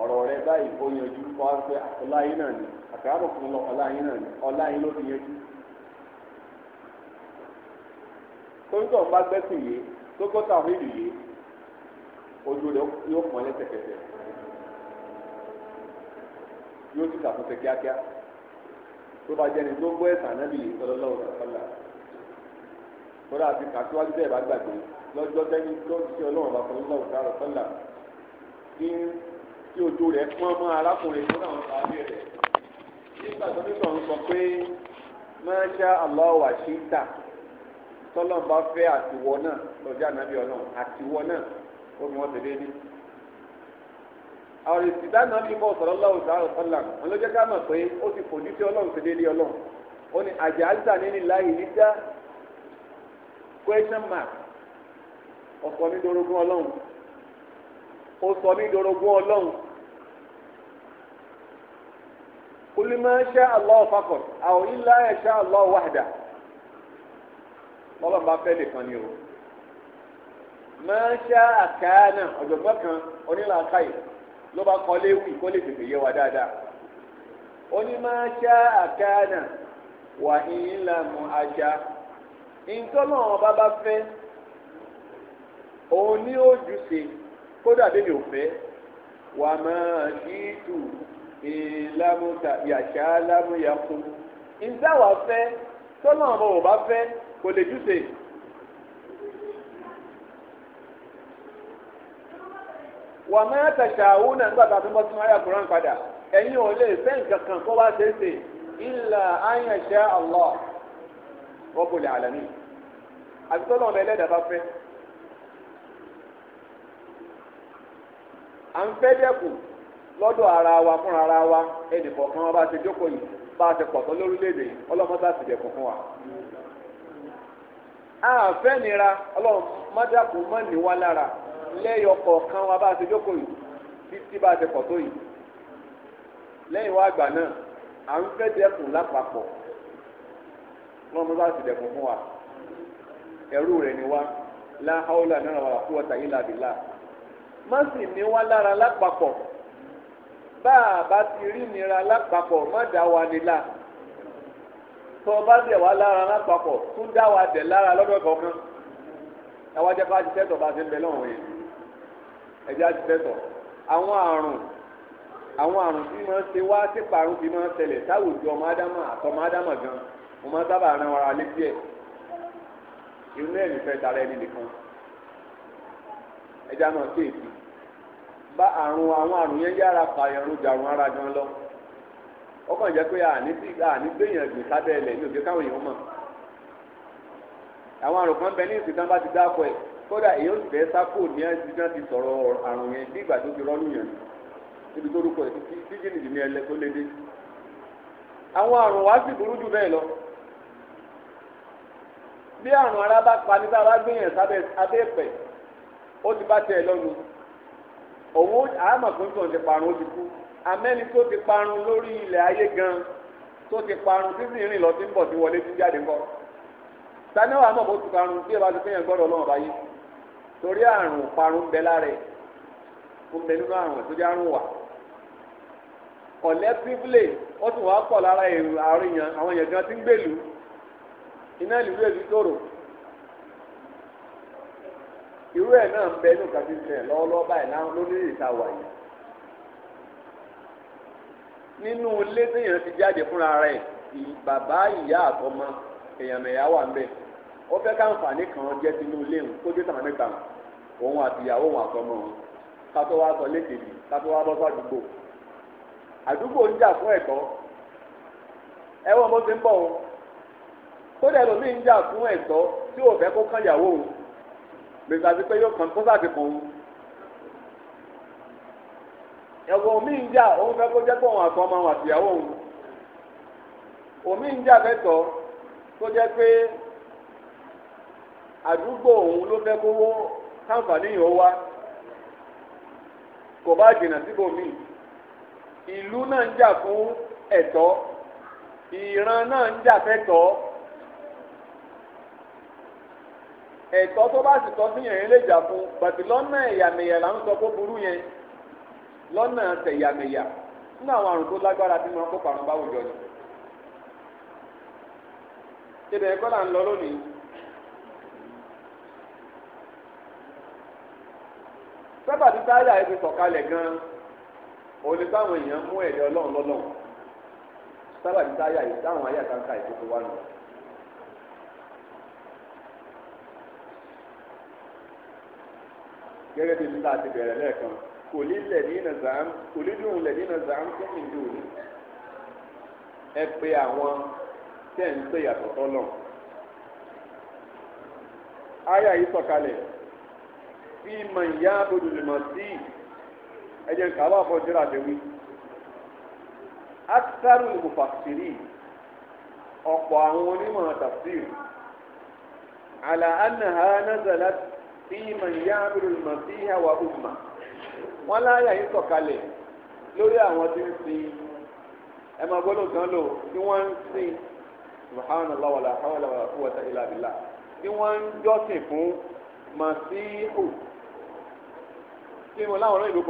ọ̀rọ̀ rẹ báyìí ó yanjú kọ́ pé ọláyin náà torí tó ń bá gbẹ́sìn yìí tó kọ́ tàwọn èlò yìí ojú rẹ̀ yóò pọ́n lẹ́sẹ̀kẹsẹ̀ yóò ti ṣàtúnṣe kíákíá tó bá jẹni tó gbọ́ ẹ̀sán nábì sallallahu alaihi wasallam kódà àti kàtíwájú bẹ́ẹ̀ bá gbàgbé lọ́jọ́ tẹ́ni tó ti ṣe ọlọ́run bá sallallahu alaihi wasallam kí tí ojú rẹ̀ pọ́n mọ́ arákùnrin tó náà ń pa abẹ́ rẹ̀ nígbà tó ní pé máa ṣá Allah wà ṣí ń tọ́lọ́n bá fẹ́ àtiwọ náà lọ́jọ́ ànábì ọ̀nà àtiwọ náà ó ní wọ́n ti déédé. àwọn èsì dáná bí kò sọ̀rọ̀ lọ́wọ́ sàrò sọ́là wọn ká mọ̀ pé ó ti fojú sí ọlọ́run ti déédé ọlọ́run ó ní àjà question mark ọ̀sọ̀ ní dorogún ọlọ́run ó sọ ní dorogún ọlọ́run Allah fakọ̀ àwọn Allah bọ́lọ́n bá fẹ́ nìkan ni o máa ṣá àkáánà ọ̀jọ̀gbọ́n kan onílàákàyè ló bá kọ́ léwì kó lè tètè yé wa dáadáa ó ní máa ṣá àkáánà wà ìlànà àṣà ìtọ́nà ọba bá fẹ́ òun ní ojú ṣe kódà bẹ́ẹ̀ ni ò fẹ́ wà máa ṣí tù ìlànà lámúyàkú ìtawà fẹ́ tọ́nà ọba ò bá fẹ́. kò lè wà á máa owó náà nígbà tá a fi bọ́ sínú ayé àkùrán padà ẹ̀yin ò lè fẹ́ nǹkan kan kó ṣe é ṣe ilà Allah Rabbul àlàní. àti tó ẹlẹ́dàá bá fẹ́. à ń fẹ́ dẹ́kun lọ́dọ̀ ara wa fúnra ara wa ẹnì kọ̀ọ̀kan bá ti jókòó yìí bá pọ̀ tán lórílẹ̀‐èdè àfẹ́ nira ọlọ́run mọ́dàkùn mọ́ níwá lára lẹ́yìn ọkọ̀ kan wa bá a ṣe jókòó yìí títí bá a ṣe pọ̀ tó yìí lẹ́yìn wá àgbà náà à ń fẹ́ dẹkùn lápapọ̀ wọn mọ bá ti dẹkùn fún wa ẹrú rẹ ni wá láhàólà náírà wà fún ọ̀tà yìí làbílà má sì ní wá lára lápapọ̀ bá a bá ti rí nira lápapọ̀ má wa nílà. tó o bá lára lápapọ̀ dá wa dẹ̀ lára lọ́dọ̀ kọ̀ọ̀kan ẹ wá jẹ́ ká ti tẹ́tọ̀ bá ti ń bẹ lọ́wọ́ yẹn ẹ jẹ́ tẹ́tọ̀ àwọn àrùn àwọn àrùn tí máa ń ṣe wá sí parun tí máa ń ṣẹlẹ̀ gan mo máa sábà ara irú náà tara ẹni nìkan ẹ jẹ́ bá àrùn àwọn àrùn yẹn yára ara gan lọ́wọ́ ọkàn jẹ́ pé àní sí àní gbẹ̀yàn gbè sábẹ́ ẹlẹ̀ ní òkè káwọn èèyàn mọ̀ àwọn àrùn kan bẹ ní ìsìn tán bá ti dáko ẹ̀ kódà èèyàn ti fẹ́ sáko ní ẹ̀sìn tí wọ́n ti sọ̀rọ̀ àrùn yẹn bí ìgbà tó ti rọ́ọ̀nù yẹn níbi tó rúkọ ẹ̀ tí jìnnì ní ẹlẹ́ tó lédè àwọn àrùn wa sì burú jù bẹ́ẹ̀ lọ bí àrùn ara bá pa ní sábà gbẹ̀yàn sábẹ́ abẹ́ ẹ̀pẹ̀ ó ti bá tẹ̀ lọ́nu òun àmọ̀ pé ń sọ̀rọ̀ nípa àrùn ó ti kú amẹ́ni tó ti parun lórí ilẹ̀ ayé gan tó ti parun títí ìrìn lọ sí ń bọ̀ sí wọlé sí jáde ńkọ́ sani wàá mọ̀ bó ti parun bí ẹ bá ti fi yàn gbọ́dọ̀ lọ́wọ́ báyìí torí àrùn parun bẹ lára ẹ̀ ó bẹ nínú àrùn tó dé àrùn wà collectively ó sì wá pọ̀ lára àwọn èèyàn gan ti ń gbèlú iná ìlú èlú tòrò irú ẹ̀ náà ń bẹ inú kàdí ìṣẹ̀ lọ́wọ́lọ́wọ́ báyìí nínú ilé téèyàn ti jáde fúnra rẹ̀ bàbá ìyá àtọmọ èèyàn mẹ̀yà wà nbẹ ó fẹ́ káǹfààní kan jẹ́ sínú ilé òun kó dé tàwọn mẹ́ta òun àti ìyàwó òun àtọmọ òun kátó wá sọ létèlè kátó wá bọ́ sádùúgbò àdúgbò ń jà fún ẹ̀kọ́ ẹ wọ́n mo ti ń bọ̀ o kódà ẹlòmíì ń jà fún ẹ̀tọ́ tí ò fẹ́ kó kán ìyàwó òun gbèsè àti pé yóò kàn kó sàdìkùn òun ẹ̀wọ̀ omi ń jà òun fẹ́ kó jẹ́ pé òun òun omi ń jà fẹ́tọ̀ tó àdúgbò òun ló kówó káǹfààní yìí wá kò bá jìnnà ìlú náà ń jà fún ìran náà ń jà tó bá sì sí yẹn lọ́nà tẹ̀yàmẹ̀yà nínú àwọn àrùn tó lágbára tí wọ́n kó parun báwùjọ ni. ibẹ̀ ẹ̀kọ́ là ń lọ lónìí. sábà tí táyà ẹ ti sọ̀kalẹ̀ gan-an òun ni táwọn èèyàn mú ẹ̀rí ọlọ́run lọ́lọ́run sábà tí táyà yìí táwọn ayé àtàǹkà ìkókó wà nù. gẹ́gẹ́ bí mi tá a ti bẹ̀rẹ̀ lẹ́ẹ̀kan kòlí lẹ́nìínà zàm kòlí dùn lẹ́nìínà zàm tó ń dùn ní. ẹ pé àwọn tẹ̀ ń pè yàtọ̀ tọ́lọ̀. aya yìí sọ̀kalẹ̀ fi mọ̀ ìyá abodùlùmọ̀ sí ẹ̀jẹ̀ nkàbá àfọ̀jọ́ra àdéhùn. akitaru ni mo ọ̀pọ̀ àwọn onímọ̀ tafsir ala annaha nazalat fi man ya'budu al-masiha wa wọn láyà yìí sọ̀kalẹ̀ lórí àwọn tí ń sin ẹ máa gan lò tí wọ́n ń sin subhanallah wàlà hawla wàlà quwwata illa billah tí wọ́n ń jọ́sìn fún màsíhù kí ni láwọn olóyìnbó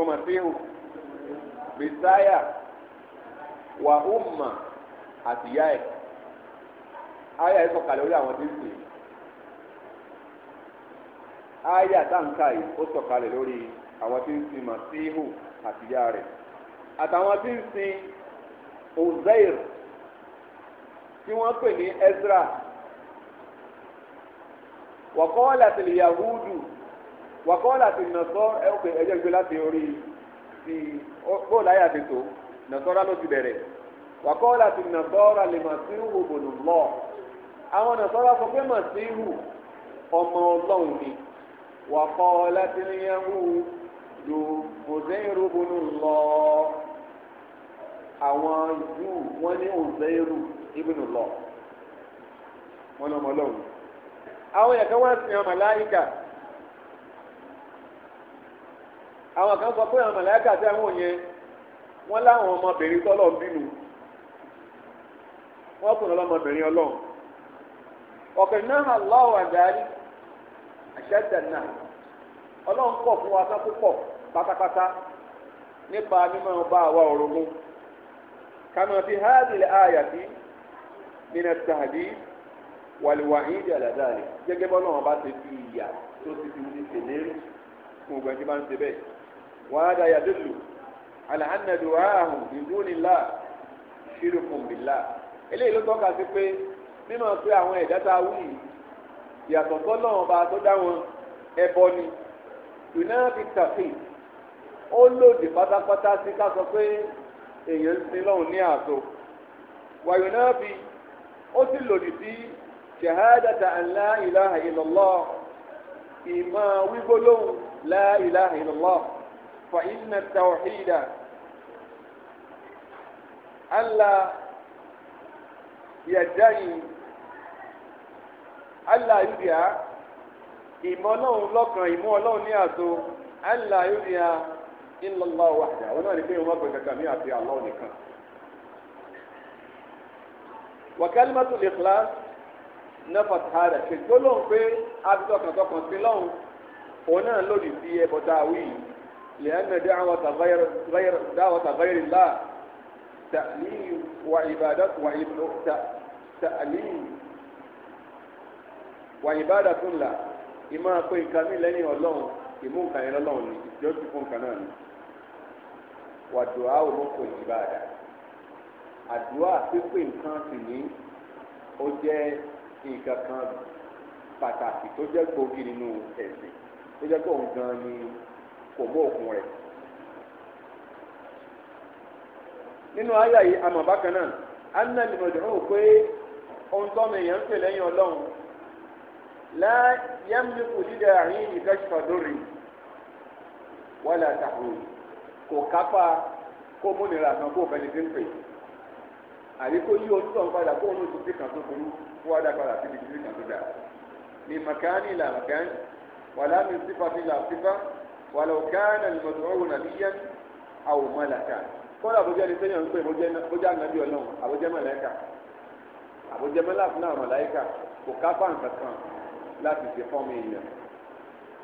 umma àti ìyá e ayà yìí sọ̀kalẹ̀ lórí àwọn tí ń sin ayà táǹkà yìí ó àwọn tí ń sin masihu àtìyá rẹ̀ àtàwọn tí ń sin ozair tí wọ́n pè ní ezra wàkọ́ọ̀lá ti lè yahudu wàkọ́ọ̀lá ti nàṣọ́ ẹjọ́ ìgbé láti orí ti bóòlù ayé àtètò nàṣọ́ra ló ti bẹ̀rẹ̀ wàkọ́ọ̀lá ti nàṣọ́ra lè màsíhù bòlù lọ àwọn nàṣọ́ra sọ pé màsíhù ọmọ ọlọ́run ni wàkọ́ọ̀lá ti lè yahudu. lu òzẹ́yìnrú bonú lọ àwọn ìlú wọn ni òzẹ́yìnrú ibùnú lọ wọn ọmọ lọ́wọ́ àwọn yẹn kan wá àwọn àwọn kan sọ pé àwọn màláyíkà tí àwọn yẹn wọn láwọn ọmọbìnrin tọ́lọ̀ bínú wọn kùn lọ́mọbìnrin ọlọ́run ọ̀kẹ́ náà àdáyé àṣẹ ọlọ́run fún wa pátápátá nípa mímọ́ bá àwa orogún kama fi hadhihi al-ayati min at-tahdid wal-wa'id ala dhalik gẹ́gẹ́ bọ́lá wọn bá ṣe fi ìyà tó ti fi wuli ṣèlérí fún ogun ẹni bá ń ṣe bẹ́ẹ̀ wa hadha yadullu ala anna du'ahum min dunillah shirkun billah eléyìí ló tọ́ka sí pé mímọ̀ pé àwọn ẹ̀dá tá a wù yìí ìyàtọ̀ tọ́lọ́wọ́n bá tó dá wọn ẹbọ ni ìnáà tàfíì ó lòdì pátápátá sí ká sọ pé èèyàn sin lọ́hùn ní ààtò wàyò náà fi ó sì lòdì sí shahadata an ilaha illallah ìmọ̀ wígbólóhùn la ilaha illallah fa inna tawhida alla alla yudia ìmọ̀ lọ́kàn ìmọ̀ ní illallah wahda àwọn náà ní pé wọ́n gbẹ̀gbẹ̀ kàmí àti Allah nìkan. wa kalimatul ikhlas nafa tààrà ṣèjọ́ lóhùn pé abidọ̀kàntọ̀kàn sí lọ́hùn òun náà lòdì sí ẹbọ dáwì lẹ́yìn dáwọ́ta báyìí lá ta'lim wa ibadat wa ibnu ta'lim wa ibadatun la ìmọ̀ àpò ìkàmí lẹ́yìn ọlọ́run ìmú nǹkan yẹn lọ́lọ́run ni ìjọ́sìn fún nǹkan náà ni wàdùá ò mọ́kò ìbáàdà àdúrà pípé nǹkan sì ní ó jẹ́ nǹkan kan pàtàkì tó jẹ́ gbòógì nínú ẹ̀sìn tó jẹ́ pé òun gan ni kò mú òkun rẹ̀. nínú àyà yìí àmọ́ bákan náà anna lèmọ̀dé hàn pé ohun tọ́mọ èèyàn ń pè lẹ́yìn ọlọ́run láyé mímú dídá àárín ìkẹ́sìfà lórí yìí wàlà tàwọn kò kápá kó múnira kan kó fẹni tí ń pè àbí kó yí ojú ọ̀n padà kó ojú títí kan tó burú kó wá dá padà síbi títí kan tó dà ní makani ìlà makani wàlà mi sífà sí ìlà sífà wàlà òkàánà ni mọ̀tò ọ̀hún nàbí yẹn àwọn mọ̀lẹ́ka kọ́lá àbójá ni sẹ́yìn ń pè bójá nàbí ọlọ́run àbójá mọ̀lẹ́ka àbójá mọ̀lẹ́ka náà mọ̀lẹ́ka kò kápá nǹkan kan láti ṣe fọ́ọ̀mù èèyàn.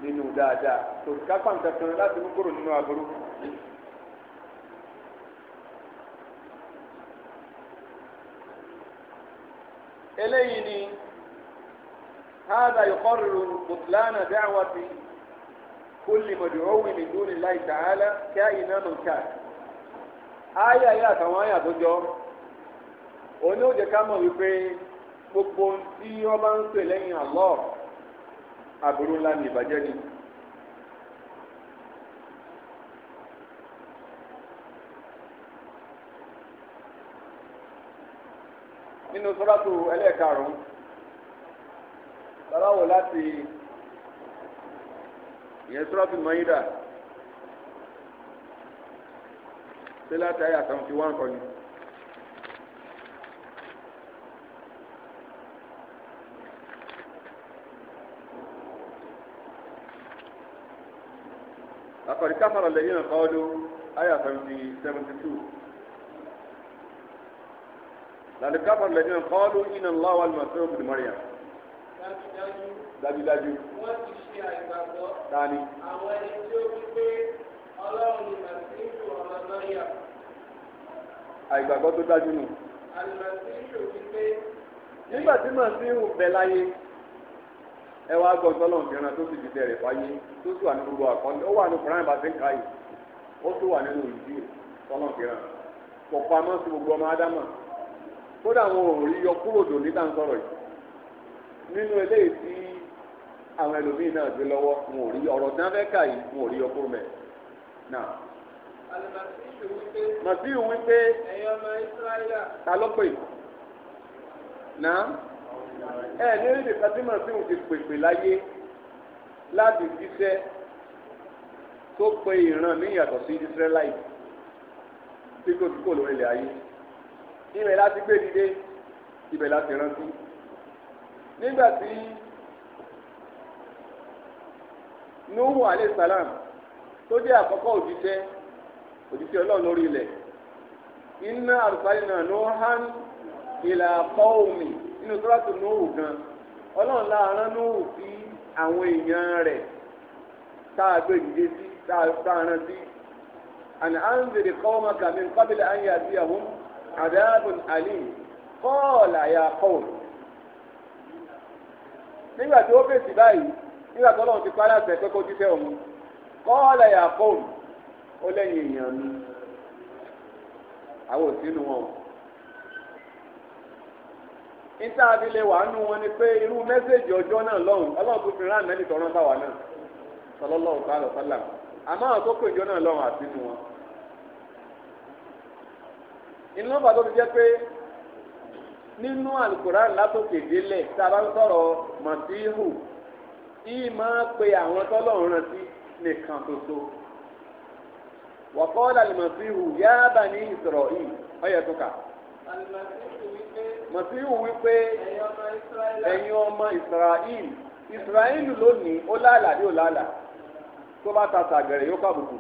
nínú dáadáa kò sí kápá nǹkan kan láti mú kúrò nínú eléyìí ni hada yọkọrìrù bùtùlánà dáhùn àti kulli mad'uwin min duni Allahi ta'ala ka'ina man kan aya yìí àtàwọn aya tó òní ó jẹ́ ká mọ̀ wípé gbogbo tí wọ́n bá Allah aburú ńlá ni ìbàjẹ́ ni. nínú sọ́dọ̀tù ẹlẹ́ẹ̀karùn-ún bàbáwo láti ìyẹn sọ́dọ̀tù mọ́yídà sílẹ̀ àtàyà seventy one kọ́ni. laqad kafara alladhina qalu àyà seventy two laqad kafara alladhina qalu inna Allaha wal masih ibn Maryam dájúdájú. wọ́n ti ṣe àìgbàgbọ́. dání. àwọn ẹni tí ó wí pé ọlọ́run ni màsíńtò ọmọ mọ́ríà. àìgbàgbọ́ tó dájú nù. àlùmọ̀síńtò wí pé. nígbà tí màsíńtò bẹ̀ láyé. ẹ wá gbọ́ tọ́lọ̀ mìíràn tó sì ti bẹ̀rẹ̀ fáyé tó sì wà ní gbogbo ó wà ní ń káyè ó wà gbogbo ọmọ ádámà kódà yọ kúrò dò ní yìí nínú eléyìí tí àwọn ẹlòmíín náà gbé lọ́wọ́ wọn ò rí ọ̀rọ̀ yìí wọn ò rí mẹ́ náà. ẹ̀yọ́ ẹ ní orílẹ̀ kàdímọ̀ tí mo ti pèpè láyé láti jíṣẹ́ tó pe ìran ní ìyàtọ̀ sí Ísírẹ́láìtì tí kò tí kò lórí ilẹ̀ ayé ibẹ̀ láti gbé dìde ibẹ̀ láti rántí nígbà tí Nuhu alayhi tó jẹ́ àkọ́kọ́ òjíṣẹ́ òjíṣẹ́ Ọlọ́run lórí ilẹ̀ inna arsalna Nuhan ila qaumi nínú sọ́ràtù nóòwù gan ọlọ́run láàárán nóòwù sí àwọn èèyàn rẹ̀ tá a gbé ìdílé sí tá a rán sí àná à ń bèrè kọ́ọ̀mà kàmí nkábìlẹ̀ ayé àti àwọn àdáàbùn àlè kọ́ọ̀là yà kọ́ọ̀lù. nígbà tí ó fèsì báyìí nígbà tí ọlọ́run ti parí àṣẹ pé kó jíṣẹ́ òun kọ́ọ̀là yà kọ́ọ̀lù ó lẹ́yìn èèyàn mi àwọn òsínú wọn níta abilé wà nù wọn ni pé irú mẹ́sẹ̀gì ọjọ́ náà lọ́hùn ọlọ́run tó fi rán àmẹ́lì tọrọ báwa náà sọlọ́lọ́hùn bá lọ́sọ́là àmọ́ àwọn tó kọ ìjọ náà lọ́hùn àti nù wọn. inú nọ́mbà tó fi jẹ́ pé nínú alukoran látòkè délẹ̀ tá a bá sọ̀rọ̀ mọ̀tíhù yìí máa pe àwọn tọ́lọ́run rántí nìkan làlùmọ̀tíhù mọ̀síhù wípé ẹ̀yin ọmọ israel israel lónìí ó láàlà ní òlàlà tó bá ta sàgẹ̀rẹ̀ yóò kàbùkù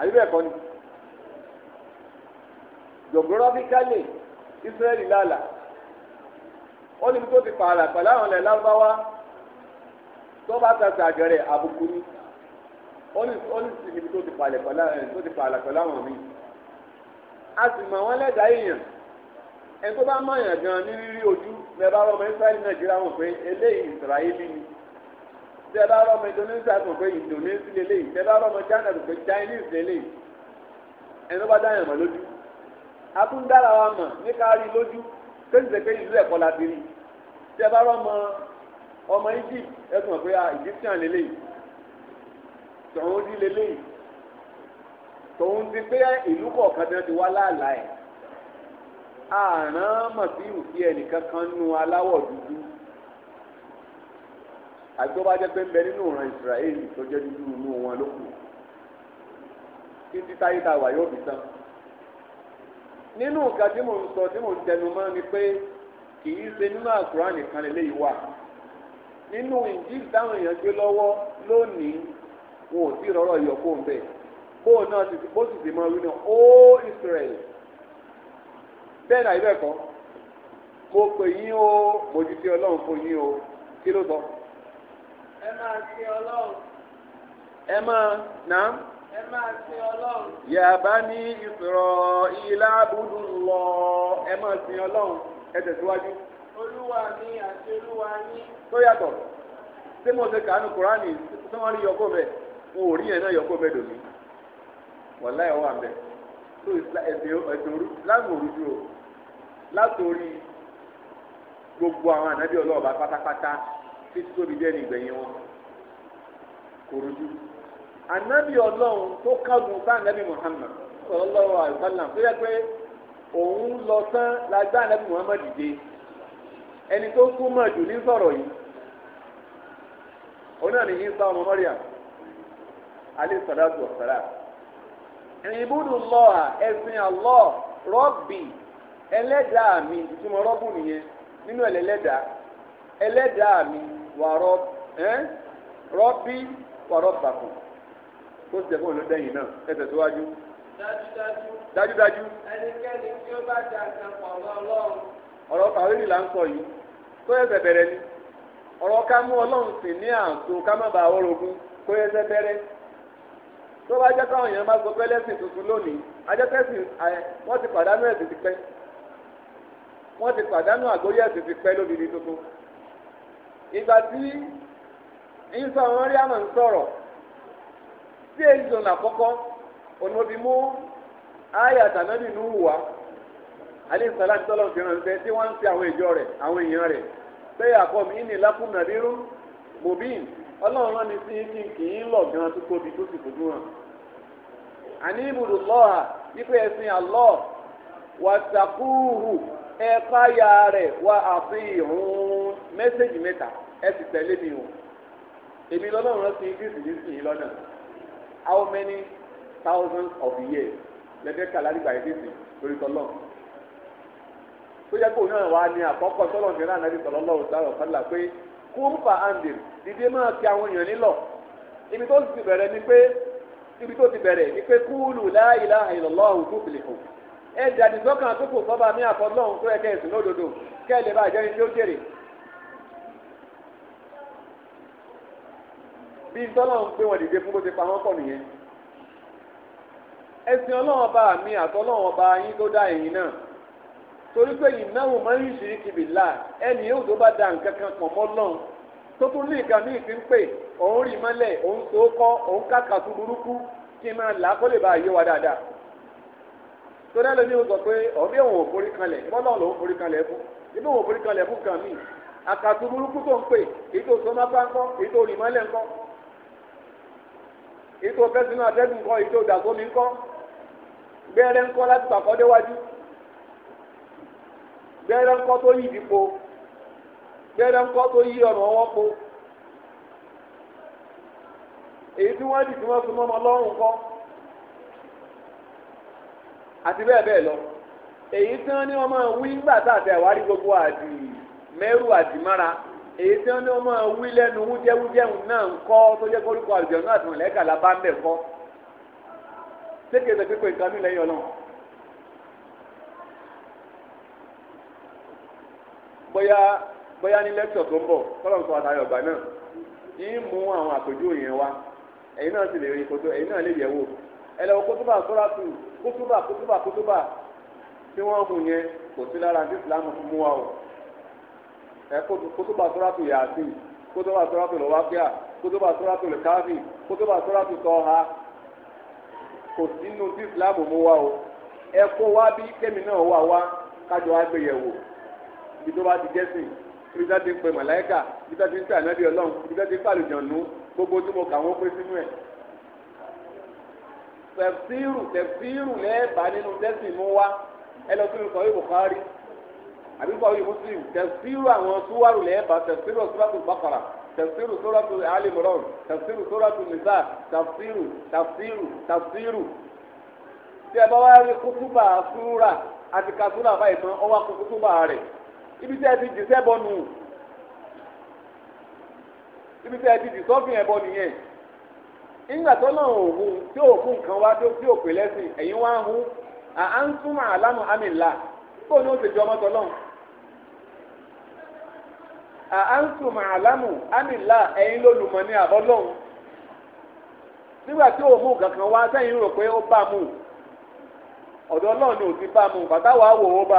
àyíbẹ̀ ẹ̀kọ́ ni geographically israel láàlà ó níbi tó ti pààlà pẹ̀lú àwọn ilẹ̀ lárúbáwá tó bá ta sàgẹ̀rẹ̀ àbùkù ni ó ní síbi tó ti pààlà pẹ̀lú àwọn míì a sì mọ̀ wọ́n lẹ́dàá èèyàn ẹni tó bá mọ̀ èèyàn gan ní rírí ojú bẹ́ẹ̀ bá rọ́ọ̀mọ israẹli nàìjíríà mọ̀ pé eléyìí israẹli ni bẹ́ẹ̀ bá rọ́ọ̀mọ indonesia mọ̀ pé indonesia lélẹ́yìí bẹ́ẹ̀ bá rọ́ọ̀mọ china mọ̀ pé chinese lélẹ́yìí ẹni tó bá dá èèyàn mọ̀ lójú a tún dára wa mọ̀ ní ká rí lójú kéńtì pé ìlú ẹ̀kọ́ la ti rí bẹ́ẹ̀ bá rọ́ọ̀mọ ọmọ egypt ẹ tòun ti pé ìlú kọ̀ọ̀kan náà ti wá láàlá ẹ̀ àrán màsíù sí ẹnìkan kan nu aláwọ̀ dúdú àti pé ń bẹ nínú ìran Ísírẹ́lì tó jẹ́ dúdú inú wọn ló kù títí táyé wà yóò fi tán nínú nǹkan sọ tí mò ń tẹnu mọ́ ni ṣe nínú àkùrá nìkan lélẹ́yìí wà nínú ìdí èèyàn gbé lọ́wọ́ lónìí wọn rọrọ yọ kó ń bóun náà ti bó sì ti mọ wí náà mo o mo ti fi ọlọ́run fún o kí ló sọ. ẹ máa fi ọlọ́run. ẹ máa nà. ẹ máa fi ọlọ́run. yàbá ní ìsọ̀rọ̀ ilá búdú lọ ẹ máa ọlọ́run ẹ tẹ̀síwájú. olúwa mi àti olúwa yín. tó yàtọ̀ ṣé mo ṣe kàánú kúránì tí wọ́n rí yọkọ́ bẹ́ẹ̀ n ò rí yẹn náà wọ́n láyé wà mẹ́ tó ẹ̀dùn o látòrí gbogbo àwọn ànábì ọlọ́ọ̀bá pátápátá títí tóbi dẹ́ni ìgbẹ̀yìn wọn kò rújú. ànábì ọlọ́run tó kángun bá ànábì Muhammad sallallahu alaihi wasallam tó yẹ pé òun lọ la gbá ànábì Muhammad dìde ẹni tó jù ní sọ̀rọ̀ yìí òun náà ní yín sá ọmọ alẹ́ ìbúdù lọ́à ẹ̀sìn àlọ́ rọ́bì ẹlẹ́dàá mi ìtumọ̀ rọ́bù nìyẹn nínú ẹlẹ́dàá ẹlẹ́dàá mi wà rọ́bì wà rọ́bàkùn kó sì tẹ̀fọ́n ló dẹ́yìn náà ẹ tẹ̀síwájú. dájúdájú ẹnikẹ́ni tí ó bá da nǹkan pọ̀ mọ́ ọ̀rọ̀ kàwéèrè là ń sọ yìí ẹsẹ̀ bẹ̀rẹ̀ ni ọ̀rọ̀ ká mú ọlọ́run sì ní àǹtó ká má bàa wọ́rọ̀ ogun kó ẹsẹ̀ bẹ̀rẹ̀ tó bá jẹ́ káwọn èèyàn bá gbọ́ lẹ́sìn tuntun lónìí wọ́n ti pàdánù ẹ̀sìn ti pẹ́ wọ́n ti pàdánù àgbóyè ẹ̀sìn ti pẹ́ tuntun. ìgbà tí ìsọ wọn rí àmọ̀ ń sọ̀rọ̀ sí àkọ́kọ́ òun òbí mú alẹ́ tọ́lọ̀ ọlọ́run rán ni sí kí n kì í lọ gan tó tóbi tó sì fojú hàn àní ibùdó lọ́ha wípé ẹ̀sìn àlọ́ wàtàkùrù ẹ̀ka ya rẹ̀ wà àfihàn mẹ́sẹ̀gì mẹ́ta ẹ sì tẹ̀lé mi o èmi lọ́lọ́run rán sí kí n sì how many thousands of years lẹ́gbẹ́ kàlá nígbà yìí sì lórí tọ́lọ́ tó yẹ kó náà wà ní àkọ́kọ́ kúrúfà andir dídé máa fi àwọn èèyàn nílọ ibi tó ti bẹ̀rẹ̀ ni pé ibi tó ti bẹ̀rẹ̀ ni pé kúlù la ilaha illallah tuflihu ẹ jáde sọ́kàn tó kò sọ́ba ní àfọlọ́hún tó ẹ̀kẹ́ ìsìn lódodo kẹ́ ẹ lè bá tí ó jèrè. bí pé wọ́n dìde fún bó ti pa wọ́n pọ̀ nìyẹn ẹ̀sìn bá mi torí pé ìnáwó máa ń yí sí ìbílà ẹnì yóò tó bá da nǹkan kan pọ̀ mọ́ lọ́n tó tún ní nǹkan míì ti ń pè òun rì mọ́lẹ̀ òun tó kọ́ òun kàkà tó burúkú kí n máa là á kó lè bá a yé wa dáadáa torí ẹ lómi ó sọ pé ọ̀bí òun ò forí kanlẹ̀ bọ́lá òun ò forí kanlẹ̀ fún ibi òun ò forí kanlẹ̀ fún kan míì àkàtú burúkú tó ń pè èyí tó sọmọ bá ń kọ́ èyí tó rì mọ́lẹ̀ ń kọ́ èyí tó fẹ́ sínú gbẹ́rẹ́ ńkọ́ tó yí ìdìpo gbẹ́rẹ́ ńkọ́ tó yí ọ̀nà ọwọ́ po èyí tí wọ́n dì tí wọ́n fi mọ́mọ́ lọ́rùn kọ́ àti bẹ́ẹ̀ bẹ́ẹ̀ lọ èyí tí wọ́n ní wọ́n máa wí nígbà tá àti àwárí gbogbo àdì mẹ́rù àdìmára èyí tí wọ́n ní wọ́n máa wí lẹ́nu wújẹ́wújẹ́hùn náà ń kọ́ tó jẹ́ kórìkọ àlùjọ náà àti mọ̀lẹ́kà la bá ń bẹ̀ kọ́ sékèé sọ pé kò ìkànnì lẹ́yìn ọlọ́run. bóyá bóyá ní lẹ́kítọ̀ tó ń bọ̀ kọ́lọ́mù sọ àtàrí ọ̀gbà náà yìí mú àwọn àpèjúwe yẹn wá ẹ̀yin náà sì lè rí kótó ẹ̀yin náà lè yẹ̀ wò ẹ lọ kótóbà sọ́ra tù kótóbà kótóbà kótóbà tí wọ́n mú yẹn kò sí lára ní ìsìlámù fún mú wa o ẹ kótóbà sọ́ra tù yàtì kótóbà sọ́ra tù kótóbà sọ́ra tù kótóbà sọ́ra tọ́ha kò sínú ní ìsìlámù mú wa o ẹ kó wá bí kẹ́mi náà wà wá kájọ wá gbé yẹ̀ wò ibi tó bá ti jẹ́sìn ibi tó ti ń pe màláìkà ibi tó ti ń pe ànábì ọlọ́run ibi tó ti ń pe àlùjọ̀nù gbogbo tí mo kà wọ́n pé sínú ẹ̀. tẹ̀fsíìrù tẹ̀fsíìrù lẹ́ẹ̀bà nínú jẹ́sìn mú wá ẹ lọ sínú kọ̀wé Bukhari àbí kọ̀wé Muslim tẹ̀fsíìrù àwọn súwárù lẹ́ẹ̀bà tẹ̀fsíìrù suratul Baqara tẹ̀fsíìrù suratul Ali Imran tẹ̀fsíìrù suratul Nisa tẹ̀fsíìrù tẹ̀fsíìrù tẹ̀fsíìrù tí ẹ bá wá rí kútúbà súrà àti kàtúrà báyìí tán ọwọ́ kútúbà rẹ̀ ibi tẹ́ ẹ ti jù ibi tẹ́ ti jù sọ́fìn ẹ̀bọ nìyẹn nígbà tó náà òhun tí òkun kan wá tí ò pè lẹ́sìn ẹ̀yin wá ń hu à ń kó ní ti ọmọ tọ́ náà à ń túmọ̀ ẹ̀yin lólùmọ̀ ní nígbà tí òun mú kankan wá sẹ́yìn rò pé ó bá ni ò ti bá mú wàá wò ó bá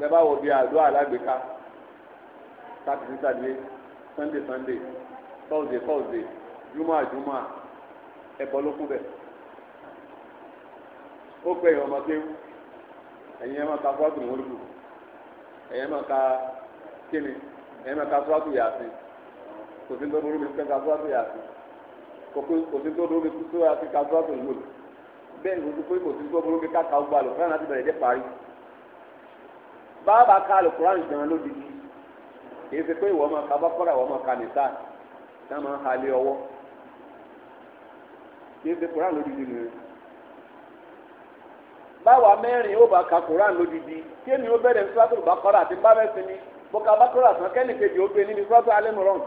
bẹ́ẹ̀ bá wo bí àdúrà alágbèéká sátidé sátidé sunday sunday thursday thursday juma juma ẹbọ ló kú bẹ ó pè yín ọmọ kéwù ẹ̀yin ẹ máa ka fúlàtù mọ́lùkù ẹ̀yin ẹ máa ka kíni ẹ̀yin máa ka fúlàtù yàtì kò sí tó dúró mi kẹ́ ka fúlàtù yàtì kò sí tó dúró mi kó yàtì ka fúlàtù mọ́lù bẹ́ẹ̀ ni kò sí tó dúró mi ká ka gbàlù fúlàtù àti bẹ̀rẹ̀ dé parí. Baba ka alukuran gan lódìdí kì í ṣe pé ìwọ ọmọ kábọ́kọ́rà ìwọ ọmọ kanisa náà máa ń halẹ̀ ọwọ́ kì í ṣe kuran lódìdí nìyẹn báwa mẹ́rin ó bá ka kuran lódìdí kí èmi ó bẹ̀rẹ̀ ní sọ́tò bàkọ́rà àti bá bẹ́ẹ̀ sinmi bó ka bàkọ́rà sàn kẹ́ni kejì ó gbé níbi sọ́tò alẹ́ mìíràn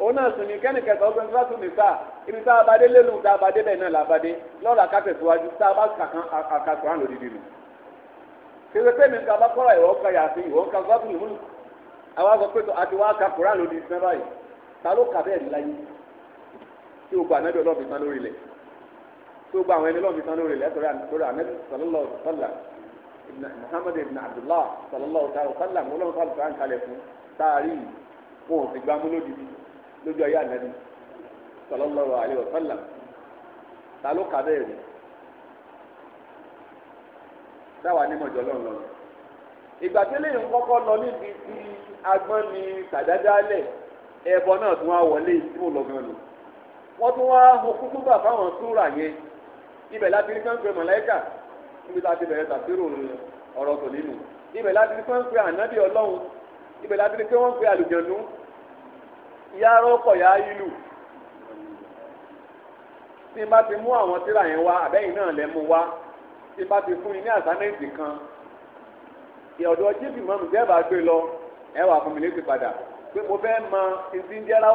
òun náà sùn ní kẹ́ni kẹta ó gbé ní sọ́tò nìta ibi tá a bá dé lélùú tá a bá dé bẹ́ẹ̀ náà là kéde pé mi ń ka bá kọ́ra ìwọ ń ka yàtí ìwọ ń ka gbábùn ìmúlù àwọn akọ pé àti wọn ka kura lòdì sí náà báyìí ta ló kà bẹ́ẹ̀ láyé tí o gba anabi ọlọ́ọ̀mí tán lórí ilẹ̀ tí o gba àwọn ẹni ọlọ́ọ̀mí tán lórí ilẹ̀ ẹ̀tọ́rẹ́ anabi sallallahu sallam muhammad ibn abdullah sallallahu sallam ọlọ́run sọ̀rọ̀ sọ̀rọ̀ kalẹ̀ fún taari wọn ò sì gbámú lódìdí lójú ayé anabi sallallahu alayhi wa sallam ta ló kà táwa ní mọ̀jọ́ lọ́n lọ. ìgbà tí lẹ́yìn kọ́kọ́ lọ níbi tí agbọ́n ni tàdádálẹ̀ ẹ̀bọ náà tún wá wọlé tí mo lọ gan lò. wọ́n tún wá hun kútúbà fáwọn súrà yẹn ibẹ̀ láti rí pẹ́ńpẹ́ mọ̀lẹ́kà níbi tá a ti bẹ̀rẹ̀ tàfírò ọ̀rọ̀ tò nínú ibẹ̀ láti rí pẹ́ńpẹ́ ànábì ọlọ́run ibẹ̀ láti rí pé wọ́n pe àlùjọ̀nú ìyá rọ́kọ̀ yá ìlú tí n bá ti mú àwọn tíra yẹn wá àbẹ́yìn náà lẹ́ mú wá tí bá ti fún yín ní àsánẹ́ǹtì kan ọ̀dọ̀ jíìpì mọ́mù jẹ́ bá gbé lọ ẹ wà fún mi létí padà pé mo fẹ́ mọ ìdí ń jẹ́ra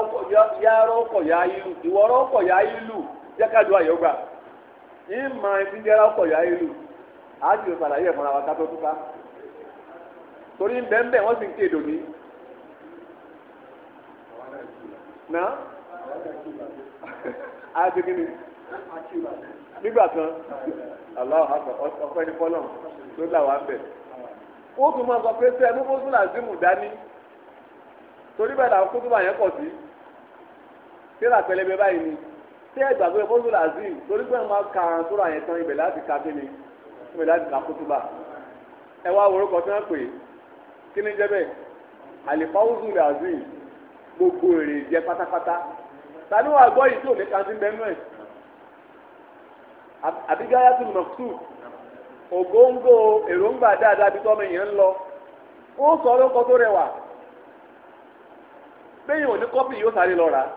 yàrá ọkọ̀ yá ìlú ìwọ́rọ̀ ọkọ̀ yá ìlú jẹ́ ká dùn àyọ̀gbà yín mọ ìdí ń jẹ́ra ọkọ̀ yá ìlú á ti lè ṣàlàyé ẹ̀fọn àwọn akátó túká torí ń bẹ́ẹ̀ bẹ́ẹ̀ wọ́n sì ń kéde òní. náà á ti kí ni nígbà kan aláwọ̀ àgbà ọpẹ́ ní fọlọ́n tó là wá bẹ̀. ó tún máa sọ pé sẹ́ ẹ mú mọ́tún àzímù dání torí bẹ́ẹ̀ làwọn kótó bàyẹn pọ̀ sí tíra pẹlẹbẹ báyìí ni tí ẹ gbàgbé mọ́tún àzímù torí pé máa ka àrùn tó ra yẹn tán ibẹ̀ láti ka kíni ibẹ̀ láti ka kótó bà. ẹ wá orúkọ tí wọ́n pè é kí ni jẹ́ bẹ́ẹ̀ àlìfáwùsùn làzímù gbogbo èrè jẹ pátápátá tani wàá gbọ́ yìí tí ò ní kanti bẹ́ẹ̀ náà àbígáyà tún mọ̀tù ògóńgó èròǹgbà dáadáa bí tọ́mọ èèyàn ń lọ ó sọ lóko tó rẹwà bẹ́yìn òní kọ́pì yóò sáré lọ rà á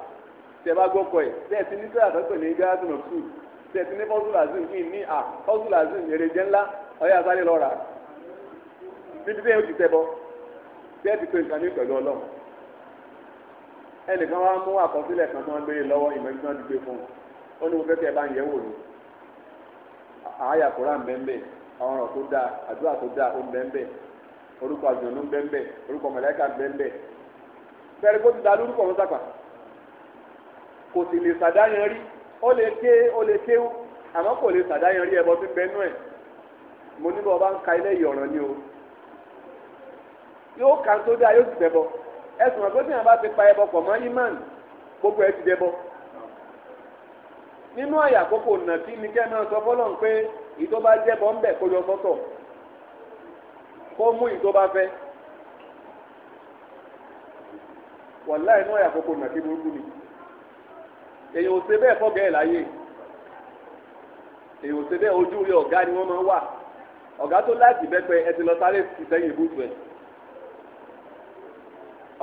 tẹ bá gbọ́ kọ́ ẹ̀ tẹ ti ní sọ́yà tọ́pẹ̀ ní gáyà tún mọ̀tù tẹ ti ní fọ́sùlà zin kí ní à fọ́sùlà zin èrè jẹ́ ńlá ọ̀yà sáré lọ rà á níbi bẹ́ẹ̀ ó ti tẹ bọ́ bẹ́ẹ̀ ti pe nǹkan ní pẹ̀lú ọlọ́run ẹnìkan wá mú àkọsílẹ̀ kan tó ń gbé lọ́wọ́ ìmọ̀ ìgbọ́n ti gbé fún un ó ní mo fẹ́ kẹ́ ẹ bá ń yẹ̀ wò ni àyà koran bẹ́ẹ̀ ọrụ ọ̀rọ̀ tó dáa àdúrà tó dáa ó bẹ́ẹ̀ orúkọ àjọ̀nú bẹ́ẹ̀ orúkọ mọ̀lẹ́kà bẹ́ẹ̀ fẹ́rẹ́ ti da lórúkọ wọn kò sì lè sàdáyàn rí ó lè ké ó lè kéwú kò lè rí mo ka ilé ni o yóò kà tó bọ ti pa nínú àyà àkókò nàtí ni kẹ́ máa sọ fọlọ́n pé ìtọ́ba jẹ́bọ̀ ń bẹ̀ kó yọ sọ́tọ̀ kó mú ìtọ́ba fẹ́ wàlá inú àyà àkókò nàtí burúkú ni èyàn ò ṣe bẹ́ẹ̀ fọ́gẹ́ ẹ̀ láyé èyàn ò ṣe bẹ́ẹ̀ ojú rí ọ̀gá ni wọ́n máa ń wà ọ̀gá tó láti bẹ́pẹ ẹ ti lọ sáré ìsẹ́yìn ìbùsùn ẹ̀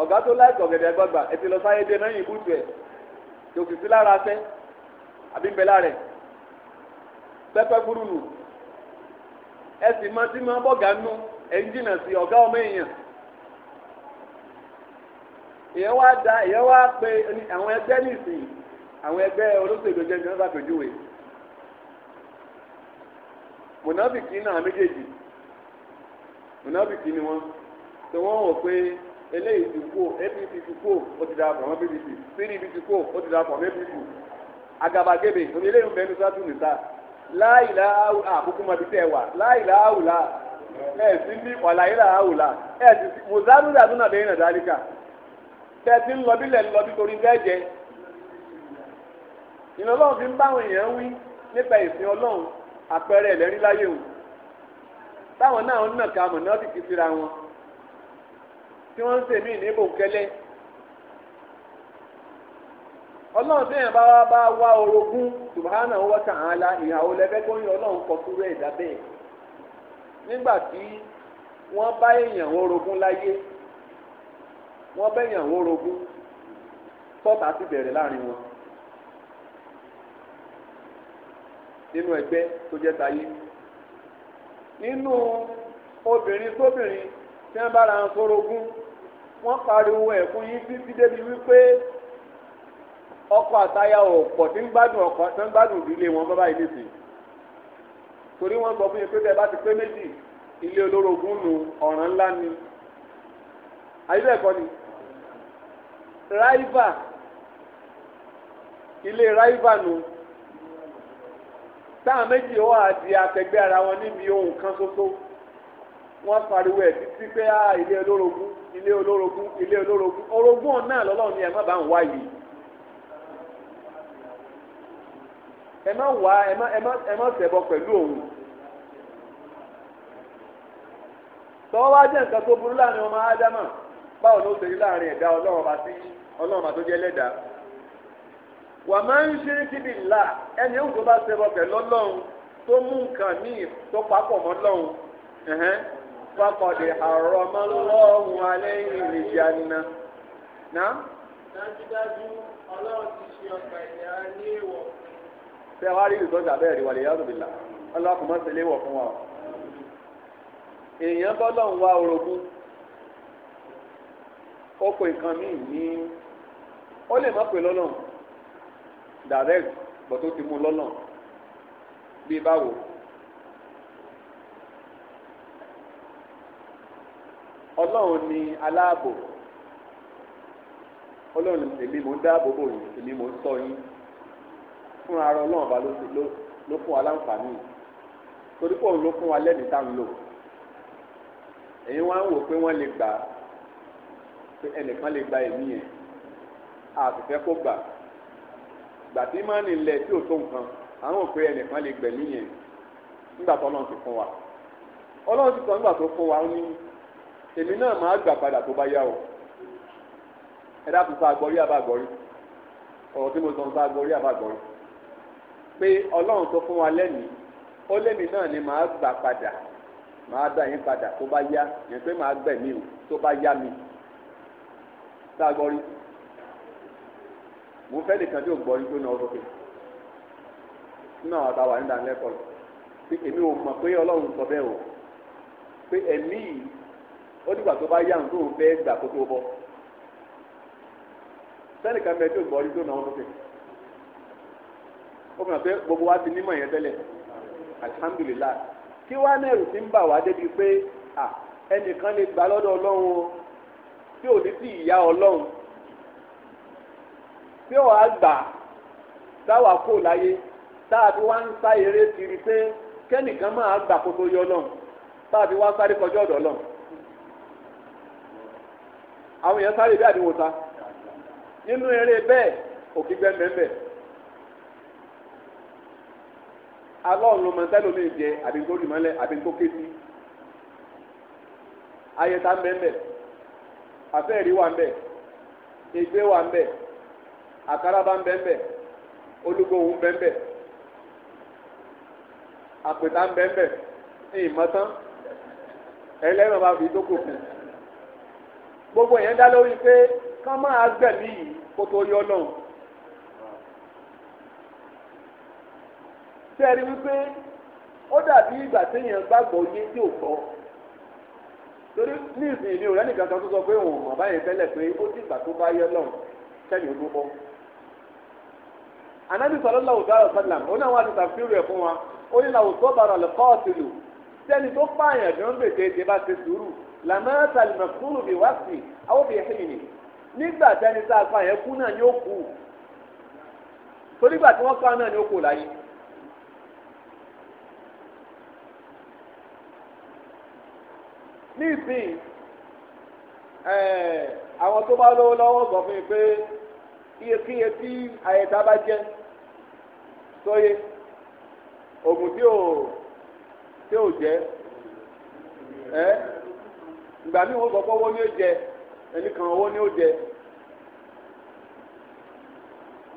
ọ̀gá tó láti ọ̀gẹ̀dẹ̀ gbọ́gbà ẹ ti lọ sáré dé náà ìbùsùn ẹ̀ kò sì sí lára fẹ́ àbí bẹ́lá rẹ̀ pẹ́pẹ́ burú nù ẹ sì máa ti máa bọ̀gà nù ẹ̀ńjìnà sí ọ̀gá ọmọ èèyàn èèyàn wá da èèyàn wá pe àwọn ẹgbẹ́ nìsín àwọn ẹgbẹ́ olóṣèlú jẹ́ ìjọba ṣàpèjúwe mùnàbìkì náà méjèèjì mùnàbìkì ni wọ́n tí wọ́n wọ̀ pé eléyìí ti kú apc ti kú ó ti darapọ̀ mọ́ pdp pdp ti kú ó ti darapọ̀ mọ́ apc àgàbàgebè òní eléyìí ń bẹ ní sátú nìta láìlá àkókò mọbi tẹ wà láìlá àwùlà ẹ sí ní ọ̀làyìlá àwùlà ẹ sì sí mùsàlù dàdúnà bẹ́ẹ̀ nà dáríkà tẹ̀sí ńlọbí lẹ̀ ńlọbí torí bẹ́ẹ̀ jẹ ìnáwó fi ń báwọn èèyàn wí nípa ìsìn ọlọ́run àpẹẹrẹ ẹ̀lẹ́rí láyé wọn táwọn náà ń nàka mọ̀nà ti fi síra wọn tí wọ́n ń sèmí ní bòńkẹ́lẹ́ ọlọ́run tí yẹn bá wá bá wá orogún subhana wa ta'ala ìhàwó lẹ́fẹ́ kó yín ọlọ́run kọ túrẹ́ ẹ̀dá bẹ́ẹ̀ nígbà tí wọ́n bá èèyàn orogún láyé wọ́n bẹ́yàn orogún tọ́ta sì bẹ̀rẹ̀ láàrin wọn nínú ẹgbẹ́ tó jẹ́ tayé nínú obìnrin sóbìnrin tí wọ́n bá ra ń sorogún wọ́n pariwo ẹ̀kún yín títí débi wípé. ọkọ àtaya ò pọ̀ tí ń gbádùn ọkọ tí ń gbádùn ìdílé wọn bábá yìí nìsín torí wọn gbọ́ fún yín pé bẹ́ẹ̀ bá ti pé méjì ilé olórogún nu ọ̀ràn ńlá ni ayélujáfẹ́ kọ́ ni ráìvà ilé ráìvà nu táwọn méjì ó wà di akẹgbẹ́ ara wọn níbi ohun kan ṣoṣo wọ́n pariwo ẹ̀ títí pé ah, ilé olórogún ilé olórogún ilé olórogún orogún ọ̀nà lọ́lọ́run ni ẹ̀ má bá ń wá ẹ má wá ẹ má ẹ má ẹ má ṣẹbọ pẹ̀lú òun tọ́wọ́ wá jẹ́ nǹkan tó burú láàrin ọmọ ádámà báwo ló ṣe rí láàrin ẹ̀dá ọlọ́run bá sí ọlọ́run bá tó jẹ́ lẹ́dàá wà máa ń ṣe é síbi ńlá ẹni òun tó bá ṣẹbọ pẹ̀lú ọlọ́run tó mú nǹkan míì tó papọ̀ mọ́ ọlọ́run fakọ̀dé àrọ̀mọ́lọ́hùn alẹ́ ìrìnlẹ̀ àná. dájúdájú ọlọ́run ti ṣe ọgbà ìlera ní èèwọ̀ tẹ wá rí ìtọ́jà bẹ́ẹ̀ rí wàlẹ̀ yàtọ̀ bìlà ọlọ́kùn mọ́ sílé wọ̀ fún wa o èèyàn bọ́lọ̀ ń wá orogún ó pe nǹkan míì ní ó lè má pe lọ́lọ́ direct bọ̀ tó ti mú lọ́lọ́ bí báwo. ọlọ́run ni aláàbò ọlọ́run èmi mò ń dáàbò bò yín èmi mò ń ṣọ́ yín fún ara ọlọ́run ọba ló fún wa láǹfààní torí pé òun ló fún wa lẹ́mìí tá à ń lò èyí wá ń wò pé wọ́n lè gbà pé ẹnìkan lè gba ẹ̀mí yẹn àtìfẹ́ kó gbà gbà tí máa ń lẹ̀ tí ò tó nǹkan àwọn òpè ẹnìkan lè gbẹ̀mí yẹn nígbà tó ọlọ́run ti fún wa ọlọ́run ti sọ nígbà tó fún wa ó ní èmi náà máa gbà padà tó bá yá o ẹ dákun sá agbọ́rí àbá agbọ́rí ọ̀rọ̀ tí mo sọ ń sá agbọ́rí àbá agbọ́rí. pé ọlọ́run tó fún wa O ó lẹ́mìí náà ni màá gbà padà màá dá yín padà tó bá yá yẹn o tó bá yá mi tá a gbọ́ rí mo fẹ́ nìkan tí ò gbọ́ rí tó náà sókè nínú àwọn àtàwà nígbà lẹ́kọ̀ọ́ lọ pé èmi ò mọ̀ pé o pé ẹ̀mí yìí ó dìgbà tó bá yá òun tó ń fẹ́ gbà kó tó ó mọ̀ pé gbogbo wa ti nímọ̀ yẹn tẹ́lẹ̀ alihamdulilayi kí wàá nẹ́rù ti ń bà wá débi pé à ẹnìkan lè gbà lọ́dọ̀ ọlọ́run o tí ò ní sí ìyá ọlọ́run tí ò á gbà táwa kò láyé táà fi wá ń sá eré kiri pé kẹ́nìkan máa gbà kótó yọ ọlọ́run táà fi wá sáré kọjá ọ̀dọ̀ ọlọ́run àwọn èèyàn sáré bí àdìwòta nínú eré bẹ́ẹ̀ òkè gbẹ́mbẹ́mbẹ́. alọ́run ló mọ sẹ́lómi jẹ àbí tó rì mọ́lẹ̀ àbí tó ké sí ayẹta ń bẹ ń bẹ àfẹ́ẹ̀rí wà ń bẹ ìgbé wà ń bẹ àkàràbà ń bẹ ń bẹ olúgbòhùn ń bẹ ń bẹ àpètà ń bẹ ń bẹ ìmọ̀tán ẹlẹ́rìn bá fi dókò kù gbogbo yẹn dá lórí pé ká máa gbẹ̀mí yìí kó tó yọ sẹ́ẹ̀rí wípé ó dàbí ìgbà téèyàn gbàgbọ́ yé tí ò gbọ́ torí ní ìsìn ìní òrẹ́ nìkan kan tó sọ pé òun mọ̀ báyìí tẹ́lẹ̀ pé ó ti gbà tó bá yẹ lọ́n sẹ́yìn ó tó bọ́. ànábì sallallahu alaihi wasallam ó náà wá ti tàfírù ẹ̀ fún wa ó ní làwọn tó bára lè kọ́ ọ̀sìn lò sẹ́ni tó pààyàn jọ ń bèèrè ṣe bá ṣe sùúrù làmọ́tà lùmọ̀kúrù bí wá sí àwọn fi hìn nígbà tẹ́ni tá pààyàn kú náà ni ó kú torí gbà tí wọ́n pa náà ni ó kú láyé nísìnyí àwọn tó bá lówó lọ́wọ́ sọ fún mi pé iyekíye tí àyẹ̀dá bá jẹ́ sóye ògùn tí ò tí ò jẹ́ ẹ́ ìgbà míì wọ́n sọ pé owó ni ó jẹ ẹnìkan owó ni ó jẹ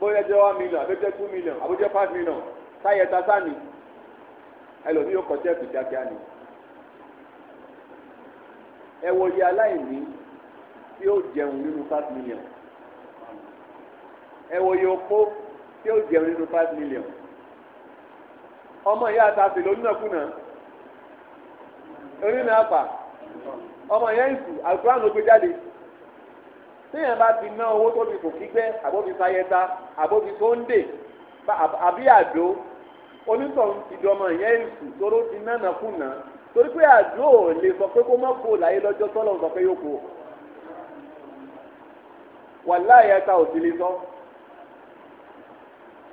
bóyá jẹ́ one million àbí jẹ́ two million àbí jẹ́ five million táyẹ̀dá sáà ni ẹlòmíì ó kọ́ sẹ́ẹ̀kì kíákíá ni ẹ wo iye aláìní tí ó jẹun nínú five million ẹ wo iye opó tí ó jẹun nínú five million ọmọ ìyá àtàtì ló nínàkúnà onínà àpà ọmọ ìyá ìsù àlùkùránì ló gbé jáde téèyàn bá ti ná owó tó fi kò kígbẹ́ àbóbi sayẹta àbóbi sóńdè àbí àdó onítọ̀hún ti dọmọ ìyá ìsù tó ló ti nánàkúnà torí pé àdúrà ò lè sọ pé kó má kó láyé lọ́jọ́ tọ́lọ̀ sọ pé yóò kó wàláyé ẹ̀ka ò sì lè sọ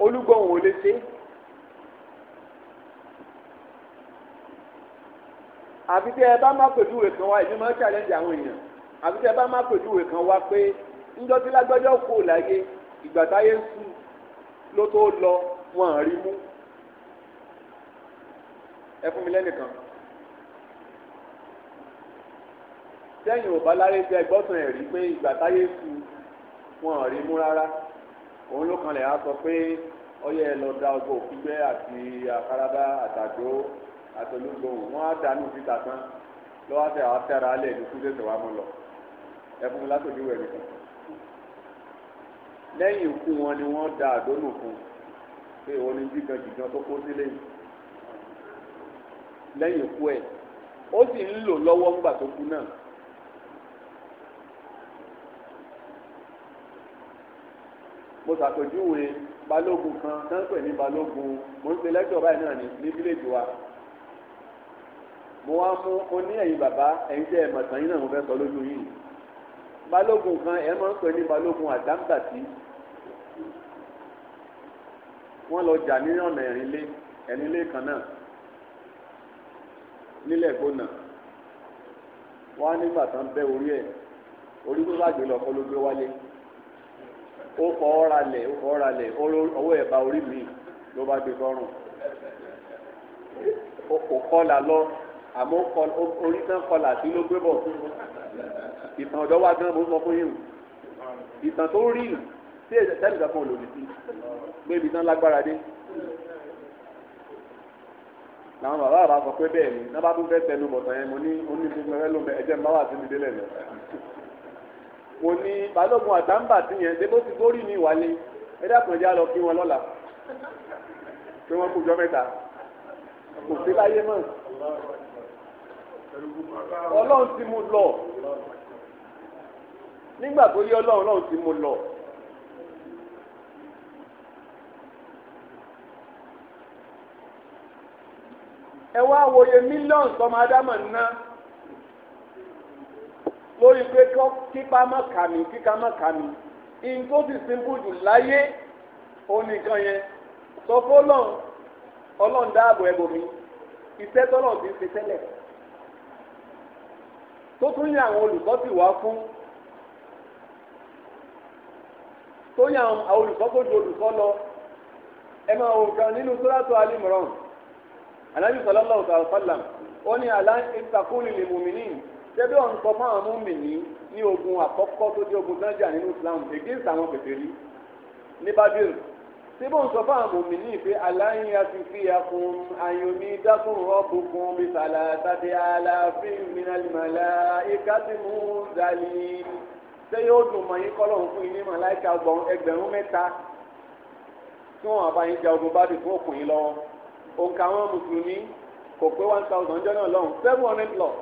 olúgbọ̀n ò lè ṣe é. àfi tẹ ẹ bá má pèjúwe kan wá èmi máa ń challenge àwọn èèyàn àfi tẹ ẹ bá má pèjúwe kan wá pé ńjọ́sí lágbọ́jọ́ kò láyé ìgbà táyé ń sùn ló tó lọ wọn à mú ẹ fún mi lẹ́nìkan sẹ́yìn ò bá láyé jẹ́ gbọ́sàn ẹ̀rí pé ìgbà táyé su wọn ò rí mú rárá òun ló kanlẹ̀ á sọ pé ọyẹ ẹ lọ da ọgbọ òkúgbẹ àti àkàràbà àtàdó àtọlúgbòhùn wọn á dànù síta tán lọ́wọ́ àti àwọn afẹ́ra alẹ́ ìlú kúndé tẹ̀wá mọ́ lọ ẹ fún mi látòjú wẹ̀ nìkan lẹ́yìn ikú wọn ni wọ́n da àdónù fún pé ìwọ ni jígan jígan tó kó sílé yìí lẹ́yìn ikú ẹ̀ ó sì ń lò lọ́wọ́ ńgbà tó kú náà. mo ṣàpèjúwe balógun kan tánpẹ̀ ní balógun mo ń pe lẹ́tọ̀ báyìí náà ní ní fílẹ̀jì wa mo wá mú oní ẹ̀yin bàbá ẹ̀yin tẹ́ ẹ̀ mọ̀tàn yín náà mo fẹ́ sọ lójú yìí balógun kan ẹ̀ máa ń pè ní balógun àdámgbàtì wọ́n lọ jà ní ọ̀nà ẹ̀rìnlé ẹ̀rìnlé kan náà nílẹ̀ gbóná wọ́n á nígbà tán bẹ́ orí ẹ̀ orí tó bá gbé lọ kọ́ ló gbé wálé ó fọwọ́ ra lẹ̀ ó fọwọ́ ra lẹ̀ ọwọ́ ẹ̀ bá orí mi ló bá gbé fọ́rùn kò kọlà lọ àmọ́ orí náà kọlà sí ló gbé bọ̀ ìtàn ọ̀dọ́ wa gan mo sọ fún yín ìtàn tó rí sí ẹ̀sẹ̀tẹ́lì kan fún olòdì sí gbé ibi tán lágbára dé làwọn bàbá bàbá sọ pé bẹ́ẹ̀ ni náà bá tún fẹ́ tẹnu bọ̀tàn yẹn mo ní oníṣẹ́ mẹ́rẹ́ ló mẹ́ ẹ̀jẹ̀ mbáwá sí mi délẹ̀ lọ mo ní balógun àtàǹbà ti yẹn débó ti gbórí mi wálé ẹ dákun ẹjẹ lọ kí wọn lọ́la pé wọn kú jọ mẹ́ta kò sí láyé mọ́ ọlọ́run ti mú lọ nígbà tó yé ọlọ́run ọlọ́run ti mú lọ. ẹ wá wòye mílíọ̀nù sọmọ adámọ̀ ná lórí pé kípa má kà mí kíka má kà mí in tó ti simple jù láyé onìkan yẹn sọ fọlọ́n ọlọ́run dáàbò ẹ̀bùn mi iṣẹ́ tọ́lọ́run ti ṣe tẹ́lẹ̀ tó tún yẹ àwọn olùkọ́ sì wá fún tó yẹ àwọn olùkọ́ tó ju olùkọ́ lọ ẹ máa wò kan nínú sóràtò alimran anabi sallallahu alaihi wa ó ní àlá ìtàkùn lil mu'minin ṣebí ọ̀n kọ́ máa mú mi ní ní ogun àkọ́kọ́ tó dé ogun nájà nínú Islam against àwọn pèpèrí ní Badr tí bó ń sọ fún àwọn òmìnir yìí pé aláìyá ti fi ẹkùn àyòmí dákùn rọ́ọ̀kù fún bí sàlàtàdé aláàfin mìnàlìmọ̀lá ìkásímù zàlì ṣé yóò dùn mọ́ yín kọ́lọ̀ ń fún yín ní màláìka ẹgbẹ̀rún mẹ́ta tí wọ́n àbá yín jẹ ogun bá dùn fún òkùnrin lọ́wọ́ òǹkà àwọn mùsùlùmí kò pé one thousand jọ́nà lọ́hùn seven hundred lọ́hùn.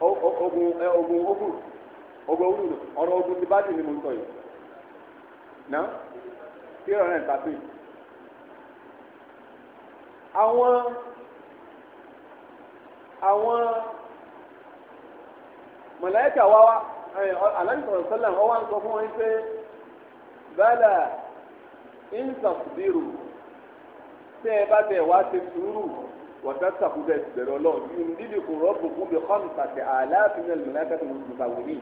ogun ẹ ogun ogun ogun ogun ọ̀rọ̀ ogun ti báàdì ni mo ń sọ yìí ná three hundred and thirteen àwọn àwọn mọ̀lẹ́kà wá wá aláǹtọ̀rọ̀ sọ́lá ọ wá ń sọ fún wọn pé bala insaf biru tẹ́ ẹ bá tẹ̀ wá ti sùúrù wàtàkàkù bẹ́ẹ̀ bẹ̀rẹ̀ ọlọ́run yìí dídì kò rọ́pò fún mi kọ́nù tàtẹ àlàáfin náà mọ̀láyàkà tó mùsàwìn ní.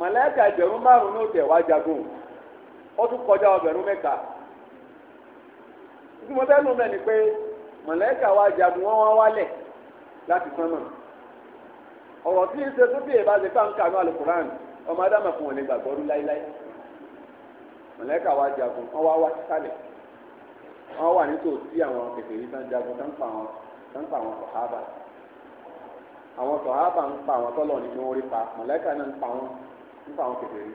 mọ̀láyàkà ẹgbẹ̀rún márùn-ún ló tẹ̀ wá jagun ó tún kọjá ṣe tó bí èèbá ṣe ní alukuran ọmọ adama fún wọn lè gbàgbọ́ rú láíláí. mọ̀láyàkà wá jagun wọ́n wá wá sálẹ̀ wọ́n wà nítòsí àwọn kẹfẹ́ tán jagun tán pa àwọn kan pa àwọn sọ̀hábà àwọn sọ̀hábà ń pa àwọn tọ́lọ̀ nínú orí pa mọ̀lẹ́kà náà ń pa wọn ń pa àwọn kékeré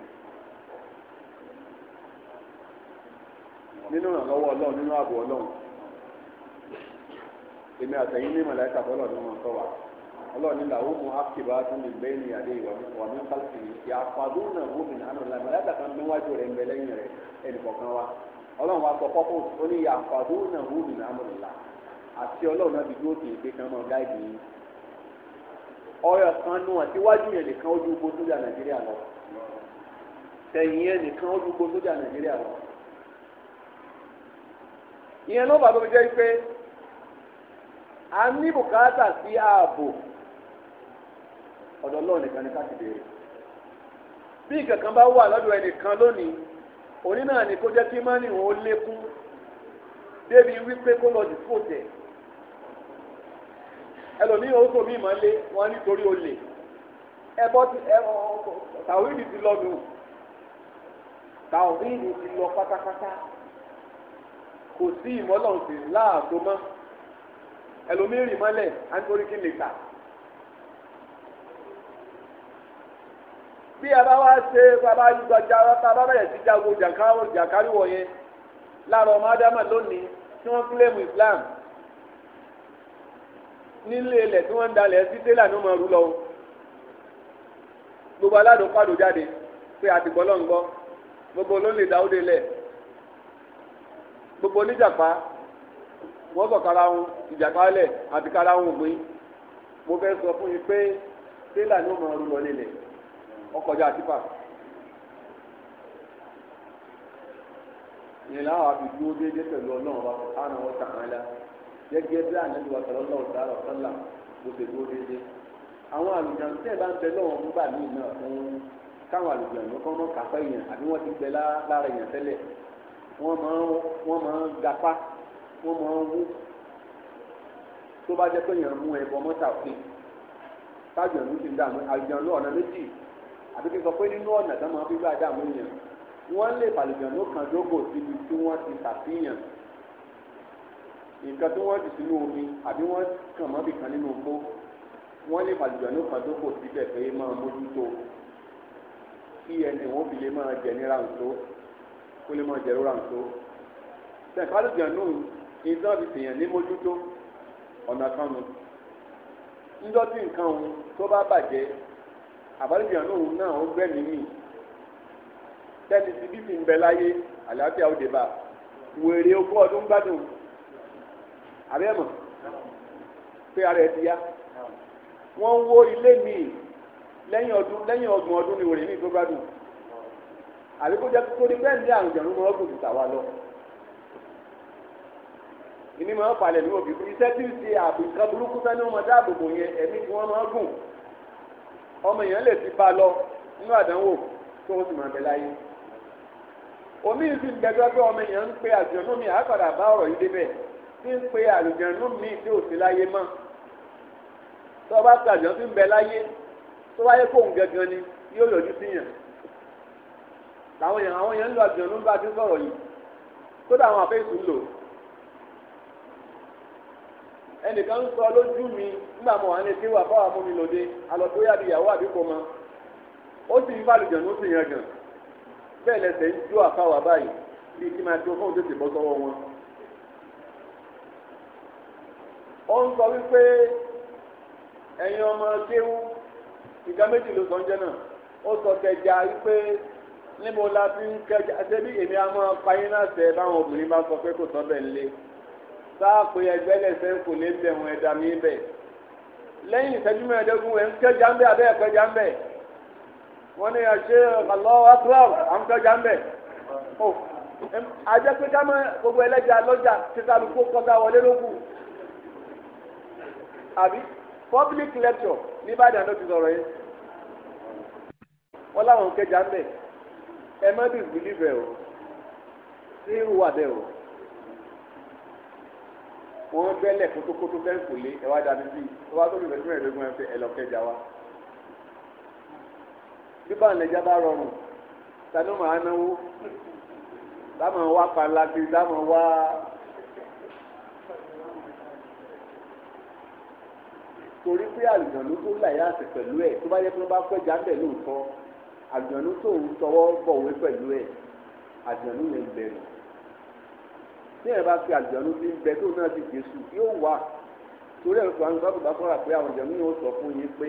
nínú ìrànlọ́wọ́ ọlọ́run nínú ààbò ọlọ́run èmi àtẹ̀yìn ní mọ̀lẹ́kà tọ́lọ̀ ní wọn sọ wà ọlọ́run nílà ó mú ákìbá tún lè bẹ́ẹ̀ ní adé ìwà wà ní kálífì ìyá àpàdé mọ̀lẹ́kà kan ní wájú rẹ̀ ń bẹ lẹ́yìn rẹ̀ ẹnì kọ̀ọ̀kan wa ọlọ́run wa sọ pọ́pọ́ àti ọlọ́run náà dúdú òkè ìgbé kan mọ́ gáàdì yìí ọyọ kan nù àtiwájú yẹn nìkan ojú gbogbo sójà nàìjíríà lọ tẹ̀yìn yẹn nìkan ojú gbogbo sójà nàìjíríà lọ ìyẹn ló bàbá mi jẹ́ pé a ní bùkátà sí ààbò ọ̀dọ̀ ọlọ́run nìkan ní káàkiri rẹ̀ bí kankan bá wà lọ́dọ̀ ẹnìkan lónìí òní náà kó jẹ́ kí òun lékún débi wípé kó lọ ẹlòmíì ó tó míì mọ́lé wọn nítorí olè ẹbọ ti ẹbọ tàwíìdì ti lọ nù tàwíìdì ti lọ pátápátá kò sí ìmọ̀lọ́sì láàbò mọ́ ẹlòmíì rì mọ́lẹ̀ àńtórí kí lè ta. bí a bá wá ṣe bàbá gbàjà bàbá bẹ̀rẹ̀ sí jago jàǹkáríwọ̀ yẹn lára ọmọ ádámà lónìí tí wọ́n kílẹ̀mù Islam. nílé ilẹ̀ tí wọ́n ń dalẹ̀ sí tẹ́lá ní ọmọ rú lọ o gbogbo aládùn pàdó jáde pé àtìgbọ́ lọ́n gbọ́ gbogbo olóńlé dáwọ́dé lẹ̀ gbogbo oníjàpá wọ́n sọ kára wọn ìjàpá lẹ̀ àti kára wọn mo fẹ́ sọ fún yín pé tẹ́lá ní ọmọ rú lọ nílẹ̀ àtìpà. gẹ́gẹ́ bí ànábi wa sọ̀rọ̀ lọ́wọ́ sọ̀rọ̀ sọ́là bó ṣe dúró déédéé. àwọn àlùjàn tẹ́ bá ń bẹ lọ́wọ́ fún bàbí náà fún káwọn àlùjàn ló kọ́ mọ́ kápẹ́ yẹn àbí wọ́n ti gbẹ lára yẹn tẹ́lẹ̀ wọ́n máa ń gapá wọ́n máa ń wú tó bá jẹ́ pé yẹn mú ẹbọ mọ́tà fún tájọ ìlú ti ń dààmú àlùjàn ló ọ̀nà méjì àbí kí n sọ pé nínú ọ̀nà tó máa fi gbà dààmú yẹn wọ́n lè fàlùjàn ló kàn dógò síbi tí wọ́n ti ṣàfihàn nǹkan tó wọ́n dì sínú omi àbí wọ́n kàn mọ́bì kan nínú igbó wọ́n lè fàlùjọ ní kan tó kò síbẹ̀ pé máa mójútó kí ẹni wọn fi lè máa jẹ nira nǹtó kó lè máa jẹ rora nǹtó tẹ̀fàlùjọ náà iná fi sèyàn ní mójútó ọ̀nà kan nù ńjọ́ tí nǹkan òun tó bá bàjẹ́ àbálùjọ náà òun náà ó gbẹ̀mí mì tẹ́ni ti ń bẹ láyé àlàáfíà ó dé bá wèrè ogún ọdún gbádùn àbẹ́mọ̀ pé ara ẹ̀ ti yá wọ́n ń wó ilé mi lẹ́yìn ọdún lẹ́yìn ọgbọ̀n ọdún ni òrè mi tó gbádùn àbí kó jẹ́ kó ní bẹ́ẹ̀ ní àrùn jẹ̀rún mọ́ ọ̀gùn tìta wa lọ. ìní máa ń palẹ̀ ní òbí iṣẹ́ tí ń ṣe àbùkà burúkú sani wọn máa dáàbò bò yẹn ẹ̀mí tí wọ́n máa gùn ọmọ èèyàn lè ti bá lọ nínú àdánwò tó o sì máa bẹ láyé. omi ìsìn gbẹgbẹ́ ọmọ èèyàn ń pe àjọ tí ń pe àlùjànnú mi tí ò sí láyé mọ́ tó o bá pe àlùjànnú tí ń bẹ láyé tó wáyé kóhùn gangan ni yóò yọjú síyàn làwọn yẹn àwọn yẹn ń lo àlùjànnú bá ti sọ̀rọ̀ yìí kódà àwọn àfẹ́sù ń lò ẹnìkan ń sọ lójú mi nígbà mọ̀ wá ní kí wà fáwọn amúmi lòdì alọ́ tó yàbí ìyàwó àbíkó mọ́ ó sì ń bá àlùjànnú sì yàn gàn bẹ́ẹ̀ lẹsẹ̀ ń jó àfáwà báyìí bí kí máa tó fóun tó ti bọ́ sọ́wọ́ wọn. ó ń sọ wípé ẹ̀yin ọmọ kéwú ìgbà méjì ló sọ ń jẹ́ náà ó sọ kẹjà wípé níbo la fi ń kẹjà ṣebí èmi a máa payé náà tẹ báwọn obìnrin bá sọ pé kò sọ bẹ́ẹ̀ lé sáàpé ẹgbẹ́ lẹ́sẹ̀ ń kò lé bẹ̀rùn ẹ̀dá mi bẹ̀ lẹ́yìn ìṣẹ́jú mẹ́ẹ̀ẹ́dógún ẹ̀ ń kẹjà ń bẹ̀ abẹ́ ẹ̀kẹjà ń bẹ̀ wọ́n ní ẹ̀ṣẹ́ ọlọ́wọ́ club à ń kẹjà ń bẹ̀ àjẹpẹ́ oh, ká mọ́ gbogbo ẹlẹ́jà lọ́jà títà lóko kọ́ta wọlé lókù àbí public lecture ní Ìbàdàn ló ti sọ̀rọ̀ yẹn wọ́n láwọn kẹjà ń bẹ̀ ẹ má disbelieve o sí ìhùwà bẹ́ẹ̀ o wọ́n bẹ́lẹ̀ kótókótó bẹ́ẹ̀ kò lé ẹ wá dàbí bíi ẹ wá tó lè fẹ́ fún ẹ̀ẹ́dẹ́gbọ̀n ẹ lọ kẹjà wa bí báwọn lẹ́jà bá rọrùn tani ó máa náwó táwọn wá panlá bíi táwọn wá. torí pé àlùjọ̀nù tó láyé àti pẹ̀lú ẹ̀ tó bá yẹ kí wọ́n bá pẹ́ jáde lóòótọ́ àlùjọ̀nù tó ń tọwọ́ bọ̀wé pẹ̀lú ẹ̀ àlùjọ̀nù yẹn ń bẹ̀rù tí ẹ̀ bá fi àlùjọ̀nù bí ń bẹ tó náà ti jésù yóò wà torí ẹ̀rọ kan bá bàbá kọ́ra pé àwọn àlùjọ̀nù yóò sọ fún yín pé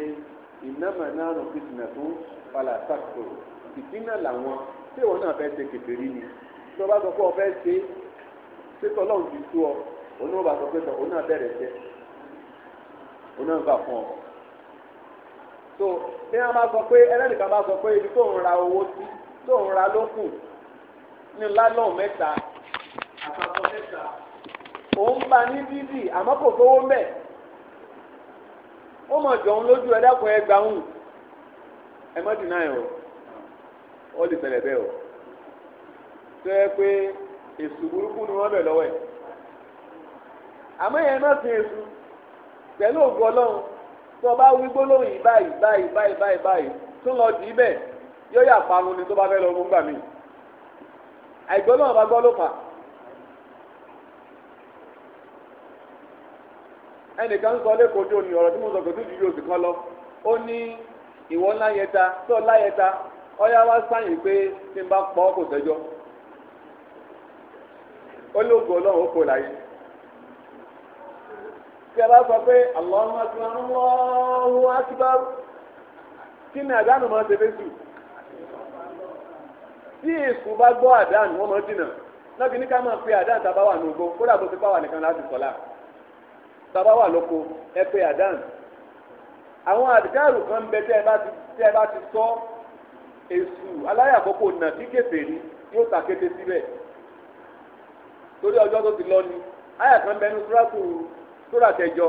ìnáma náà rùn kìtìnà tó falà sàkóso ìdínà làwọn tí ìwọ náà fẹ́ ṣe kékeré ni tí wọ́n bá sọ pé ọ fẹ́ ṣe ṣé tọ́lọ́run ti tú ọ òun náà bá sọ pé tọ́ òun náà bẹ̀rẹ̀ ṣẹ́ onígbà fún ọ. tó bí wọ́n bá sọ pé ẹlẹ́nìkan bá sọ pé ibi tó ń ra owó sí tó ń ra lókù ní lálọ́ọ̀ mẹ́ta àtàkùn mẹ́ta òun bá ní dídì àmọ́ kò fowó mẹ́ ó mọ̀ jọ̀hún lójú ẹ dákun ẹ gbàhùn ẹ mọ́ dìnnà ẹ̀ o ó lè tẹ̀lẹ̀ bẹ́ẹ̀ o tó yẹ pé èsù burúkú ni wọ́n bẹ̀ lọ́wọ́ ẹ̀ àmọ́ yẹn náà sin èsù. pẹ̀lú ògùn ọlọ́run tó bá wí gbólóhùn yìí báyìí báyìí báyìí báyìí báyìí tó lọ dì í bẹ́ẹ̀ yóò yà parun ni tó bá fẹ́ lọ mú gbà mí. àìgbọ́ náà bá gbọ́ ló fà. ẹnìkan sọ lẹ́kọ̀ọ́ tó ní ọ̀rọ̀ tí mo sọ pé ti lọ. ó ní ìwọ tó sáyìn pé tí n bá pọ̀ kò ó lóògùn tí a bá sọ pé Allahu akbar Allahu akbar kí ni àdánù máa ṣe fẹ́ sùn tí èsùn bá gbọ́ àdánù wọ́n máa dìnà náà kí ní ká máa pe àdánù tá a bá wà ní ogbó kódà bó ti pàwà nìkan láti sọ̀lá tá a bá wà lóko ẹ pe àdánù àwọn àdìgáàrù kan bẹ tẹ ẹ bá ti tẹ ẹ bá ti sọ èsù aláyàkókò nà tí kèfèrí yóò ta kété síbẹ̀ torí ọjọ́ tó ti lọ ni àyà bẹnu sùràtù sóra kẹjọ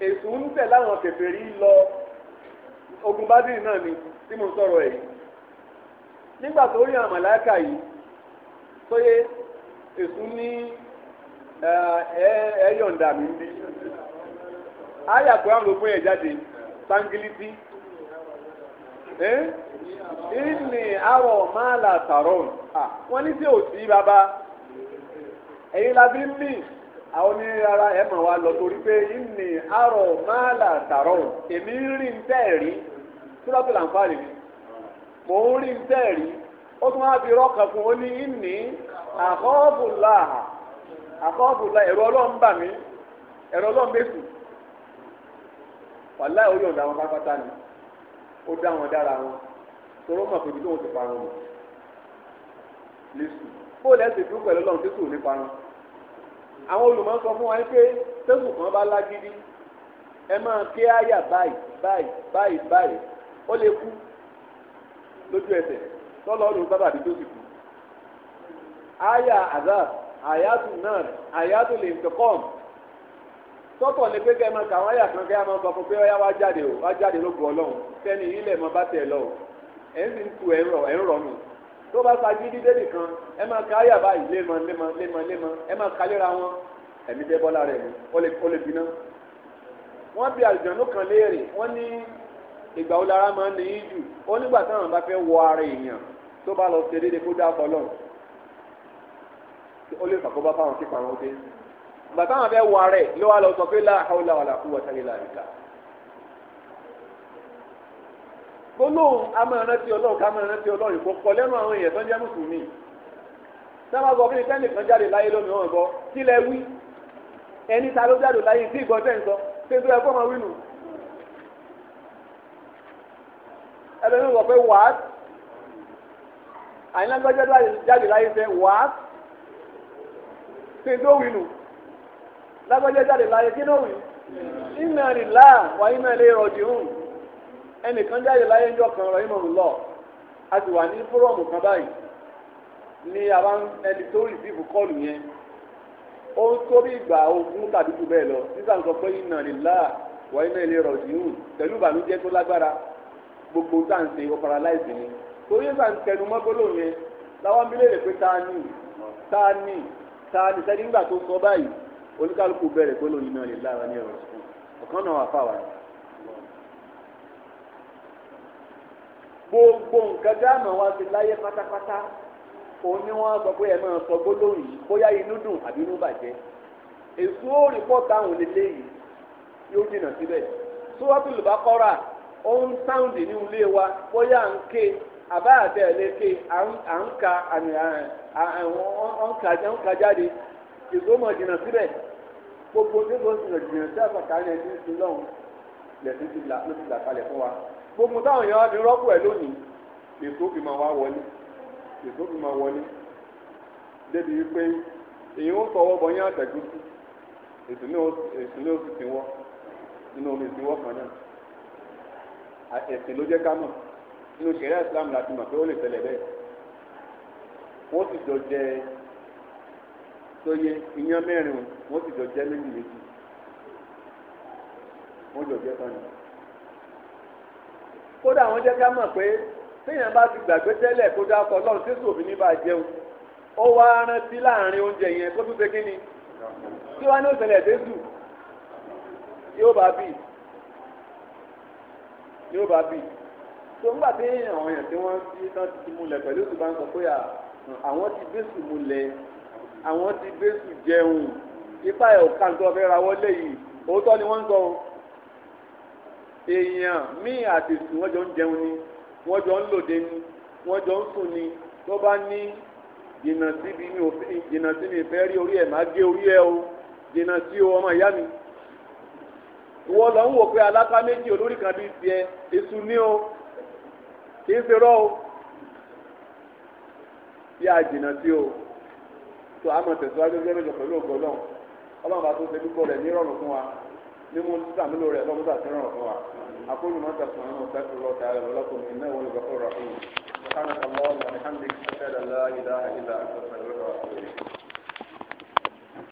èsù ń tẹ̀ láwọn kèfèrí lọ ogun bádìrì náà ni tí mo sọ̀rọ̀ ẹ̀ nígbà tó rí àwọn màláíkà yìí sóyè èsù ní ẹ yọ̀ǹda mi bí ayà kó àwọn ológun yẹn jáde sangiliti ìní àwọ̀ máa là tààrọ̀ wọ́n ní sí òsì bàbá ẹ̀yin la bí ń mí. àwọn onírara ẹ̀ mọ̀ wá lọ torí pé ìní àrọ̀ máa là tààrọ̀ èmi ń rí ń tẹ́ rí làǹfààní mi ń rí ń tẹ́ tún wáá fi rọ́ọ̀kan fún ó ní ìní àkọ́ọ̀bùlà àkọ́ọ̀bùlà ẹ̀rọ ọlọ́run bà mí ẹ̀rọ ọlọ́run bẹ́sù wọn pátápátá ni ó dá wọn dára wọn mọ̀ pé ibi ti parun lẹ́sù àwọn olùmọ̀ sọ fún wa pé tẹ́sùn kan bá lágídí ẹ máa ké àyà báyìí báyìí báyìí báyìí ó lè kú lójú ẹsẹ̀ tọ́lọ́ ọdún bábà bí tó sì kú. àyà azab àyàtù náà àyàtù lè fẹ́ kọ́ọ̀m sọ́tọ̀ ni pé kẹ́ ẹ máa kà àwọn àyà kan kẹ́ ẹ máa sọ fún pé ọyá wá jáde o wá jáde lóko ọlọ́run sẹ́ni ilẹ̀ mọ́ bá tẹ̀ lọ ẹ̀ ń sì ń ẹ̀ ń rọ̀ ẹ̀ ń rọ̀ nù tó bá fagídí débì kan ẹ máa ka ayé àbá yìí lémọ lémọ lémọ lémọ ẹ máa ka léra wọn ẹ̀mí bẹ́ bọ́lá rẹ̀ ni ó lè bínú. wọ́n bi àlùjànnú kan léèrè wọ́n ní ìgbà wo lára máa ń ní í jù ó nígbà táwọn bá fẹ́ wọ ara èèyàn tó bá lọ ṣe déédéé kó dá ọkọ lọ ó lè fàkóbá fáwọn kíkọ àwọn ọdẹ ìgbà táwọn fẹ́ wọ ara ẹ̀ ló wá lọ sọ pé láàkàwọ́ làwàlà kú wọ́n sáré láàrín ká. gbólóhùn amọ̀rántí ọlọ́run kámọ̀rántí ọlọ́run kò kọ lẹ́nu àwọn èèyàn tó ń jẹ́ mùsùlùmí sábà gbọ́ fún ìfẹ́ nìkan jáde láyé lónìí wọn gbọ́ kí lẹ wí ẹni ta ló jáde láyé tí ìgbọ́ tẹ̀ ń sọ ṣé tó yẹ kó máa wí nù. ẹbẹ mi wọ pé wàá àyìnlágbájá jáde láyé fẹ wàá ṣe tó wí nù lágbájá jáde láyé kí ló wí. ìnáni láà wà ìnáni lè rọ̀jì hùn. ẹnìkan jáde láyé ńjọ kan rọ ìmọ̀ lọ a ti wà ní fórọ̀mù kan báyìí ni àwa ẹni tó rìsíìfù kọ́ọ̀lù yẹn ó ń tóbi ìgbà ogún tàbí tó bẹ́ẹ̀ lọ pé wa inna ilayhi raji'un pẹ̀lú ìbànújẹ́ tó lágbára gbogbo tá à ń ni torí tẹnu yẹn láwọn rẹ̀ pé sẹ́ni nígbà tó sọ báyìí oníkálukú bẹ̀rẹ̀ gbogbo nǹkan ma ọ wá láyé pátápátá òun ni sọ pé ẹ máa sọ gbólóhùn yìí bóyá inú dùn àbí inú bàjẹ́ èso rìpọ́tà àwọn onílé yìí yóò síbẹ̀ ó ń wa bóyá à ń ké àbá à ń ka àmì àwọn jáde èso mọ̀ síbẹ̀ gbogbo tí sí àpàtà ẹni tí ń lẹ́sìn ti là gbogbo táwọn èèyàn á fi rọ́pò ẹ̀ lónìí èso fi máa wá wọlé èso fi máa wọlé débi wípé èèyàn ó sọ ọwọ́ yẹn àtẹ̀gúsí èso ní oṣù tí wọ́ nínú omi ìsìnwọ́ kan náà ẹ̀sìn ló jẹ́ ká mọ̀ nínú ṣẹ̀ríà Islam láti mọ̀ pé ó lè tẹ̀lẹ̀ bẹ́ẹ̀ wọ́n sì jọ jẹ sóye iyán mẹ́rin wọ́n sì jọ jẹ méjì méjì wọ́n jọ jẹ sani kódà àwọn jẹ́ ká mọ̀ pé téèyàn bá ti gbàgbé tẹ́lẹ̀ kó dákọ ọlọ́run tí sòbí ní bá jẹun ó wá rántí láàrin oúnjẹ yẹn kó tún ṣe kí ni tí wàá ní òṣèlè jésù yóò bá bì yóò bá bì tó ń gbà tí àwọn èèyàn tí wọ́n ti tán ti múlẹ̀ pẹ̀lú tó bá ń sọ pé àwọn ti bẹ́sù múlẹ̀ àwọn ti bẹ́sù jẹun ipa ẹ̀ ò kàǹtọ́ fẹ́ ra wọlé yìí òótọ́ ni wọ́n ń sọ o. èèyàn míì àti sùn wọ́n jọ ń jẹun ni wọ́n jọ ń lòde ni wọ́n jọ ń sùn ni tó bá ní jìnnà síbi mi ò fi jìnnà sí mi fẹ́ rí orí ẹ̀ má gé orí o jìnnà sí o ọmọ ìyá mi wọ́n lọ ń wò pé alápá méjì olórí kan o kì o bí a jìnnà o tó a mọ̀ tẹ̀síwájú ògbọ́n náà ọlọ́run bá tó ṣe dúpọ̀ rẹ̀ fún wa. nínú sísàmúlò rẹ̀ lọ́mọdé àti ràn fún wa akóyún máa ń tàkùn àwọn ọ̀sẹ̀kùn lọ́ta ayọ̀ lọ́lọ́kùn mi náà wọlé gbàgbọ́ rà fún mi.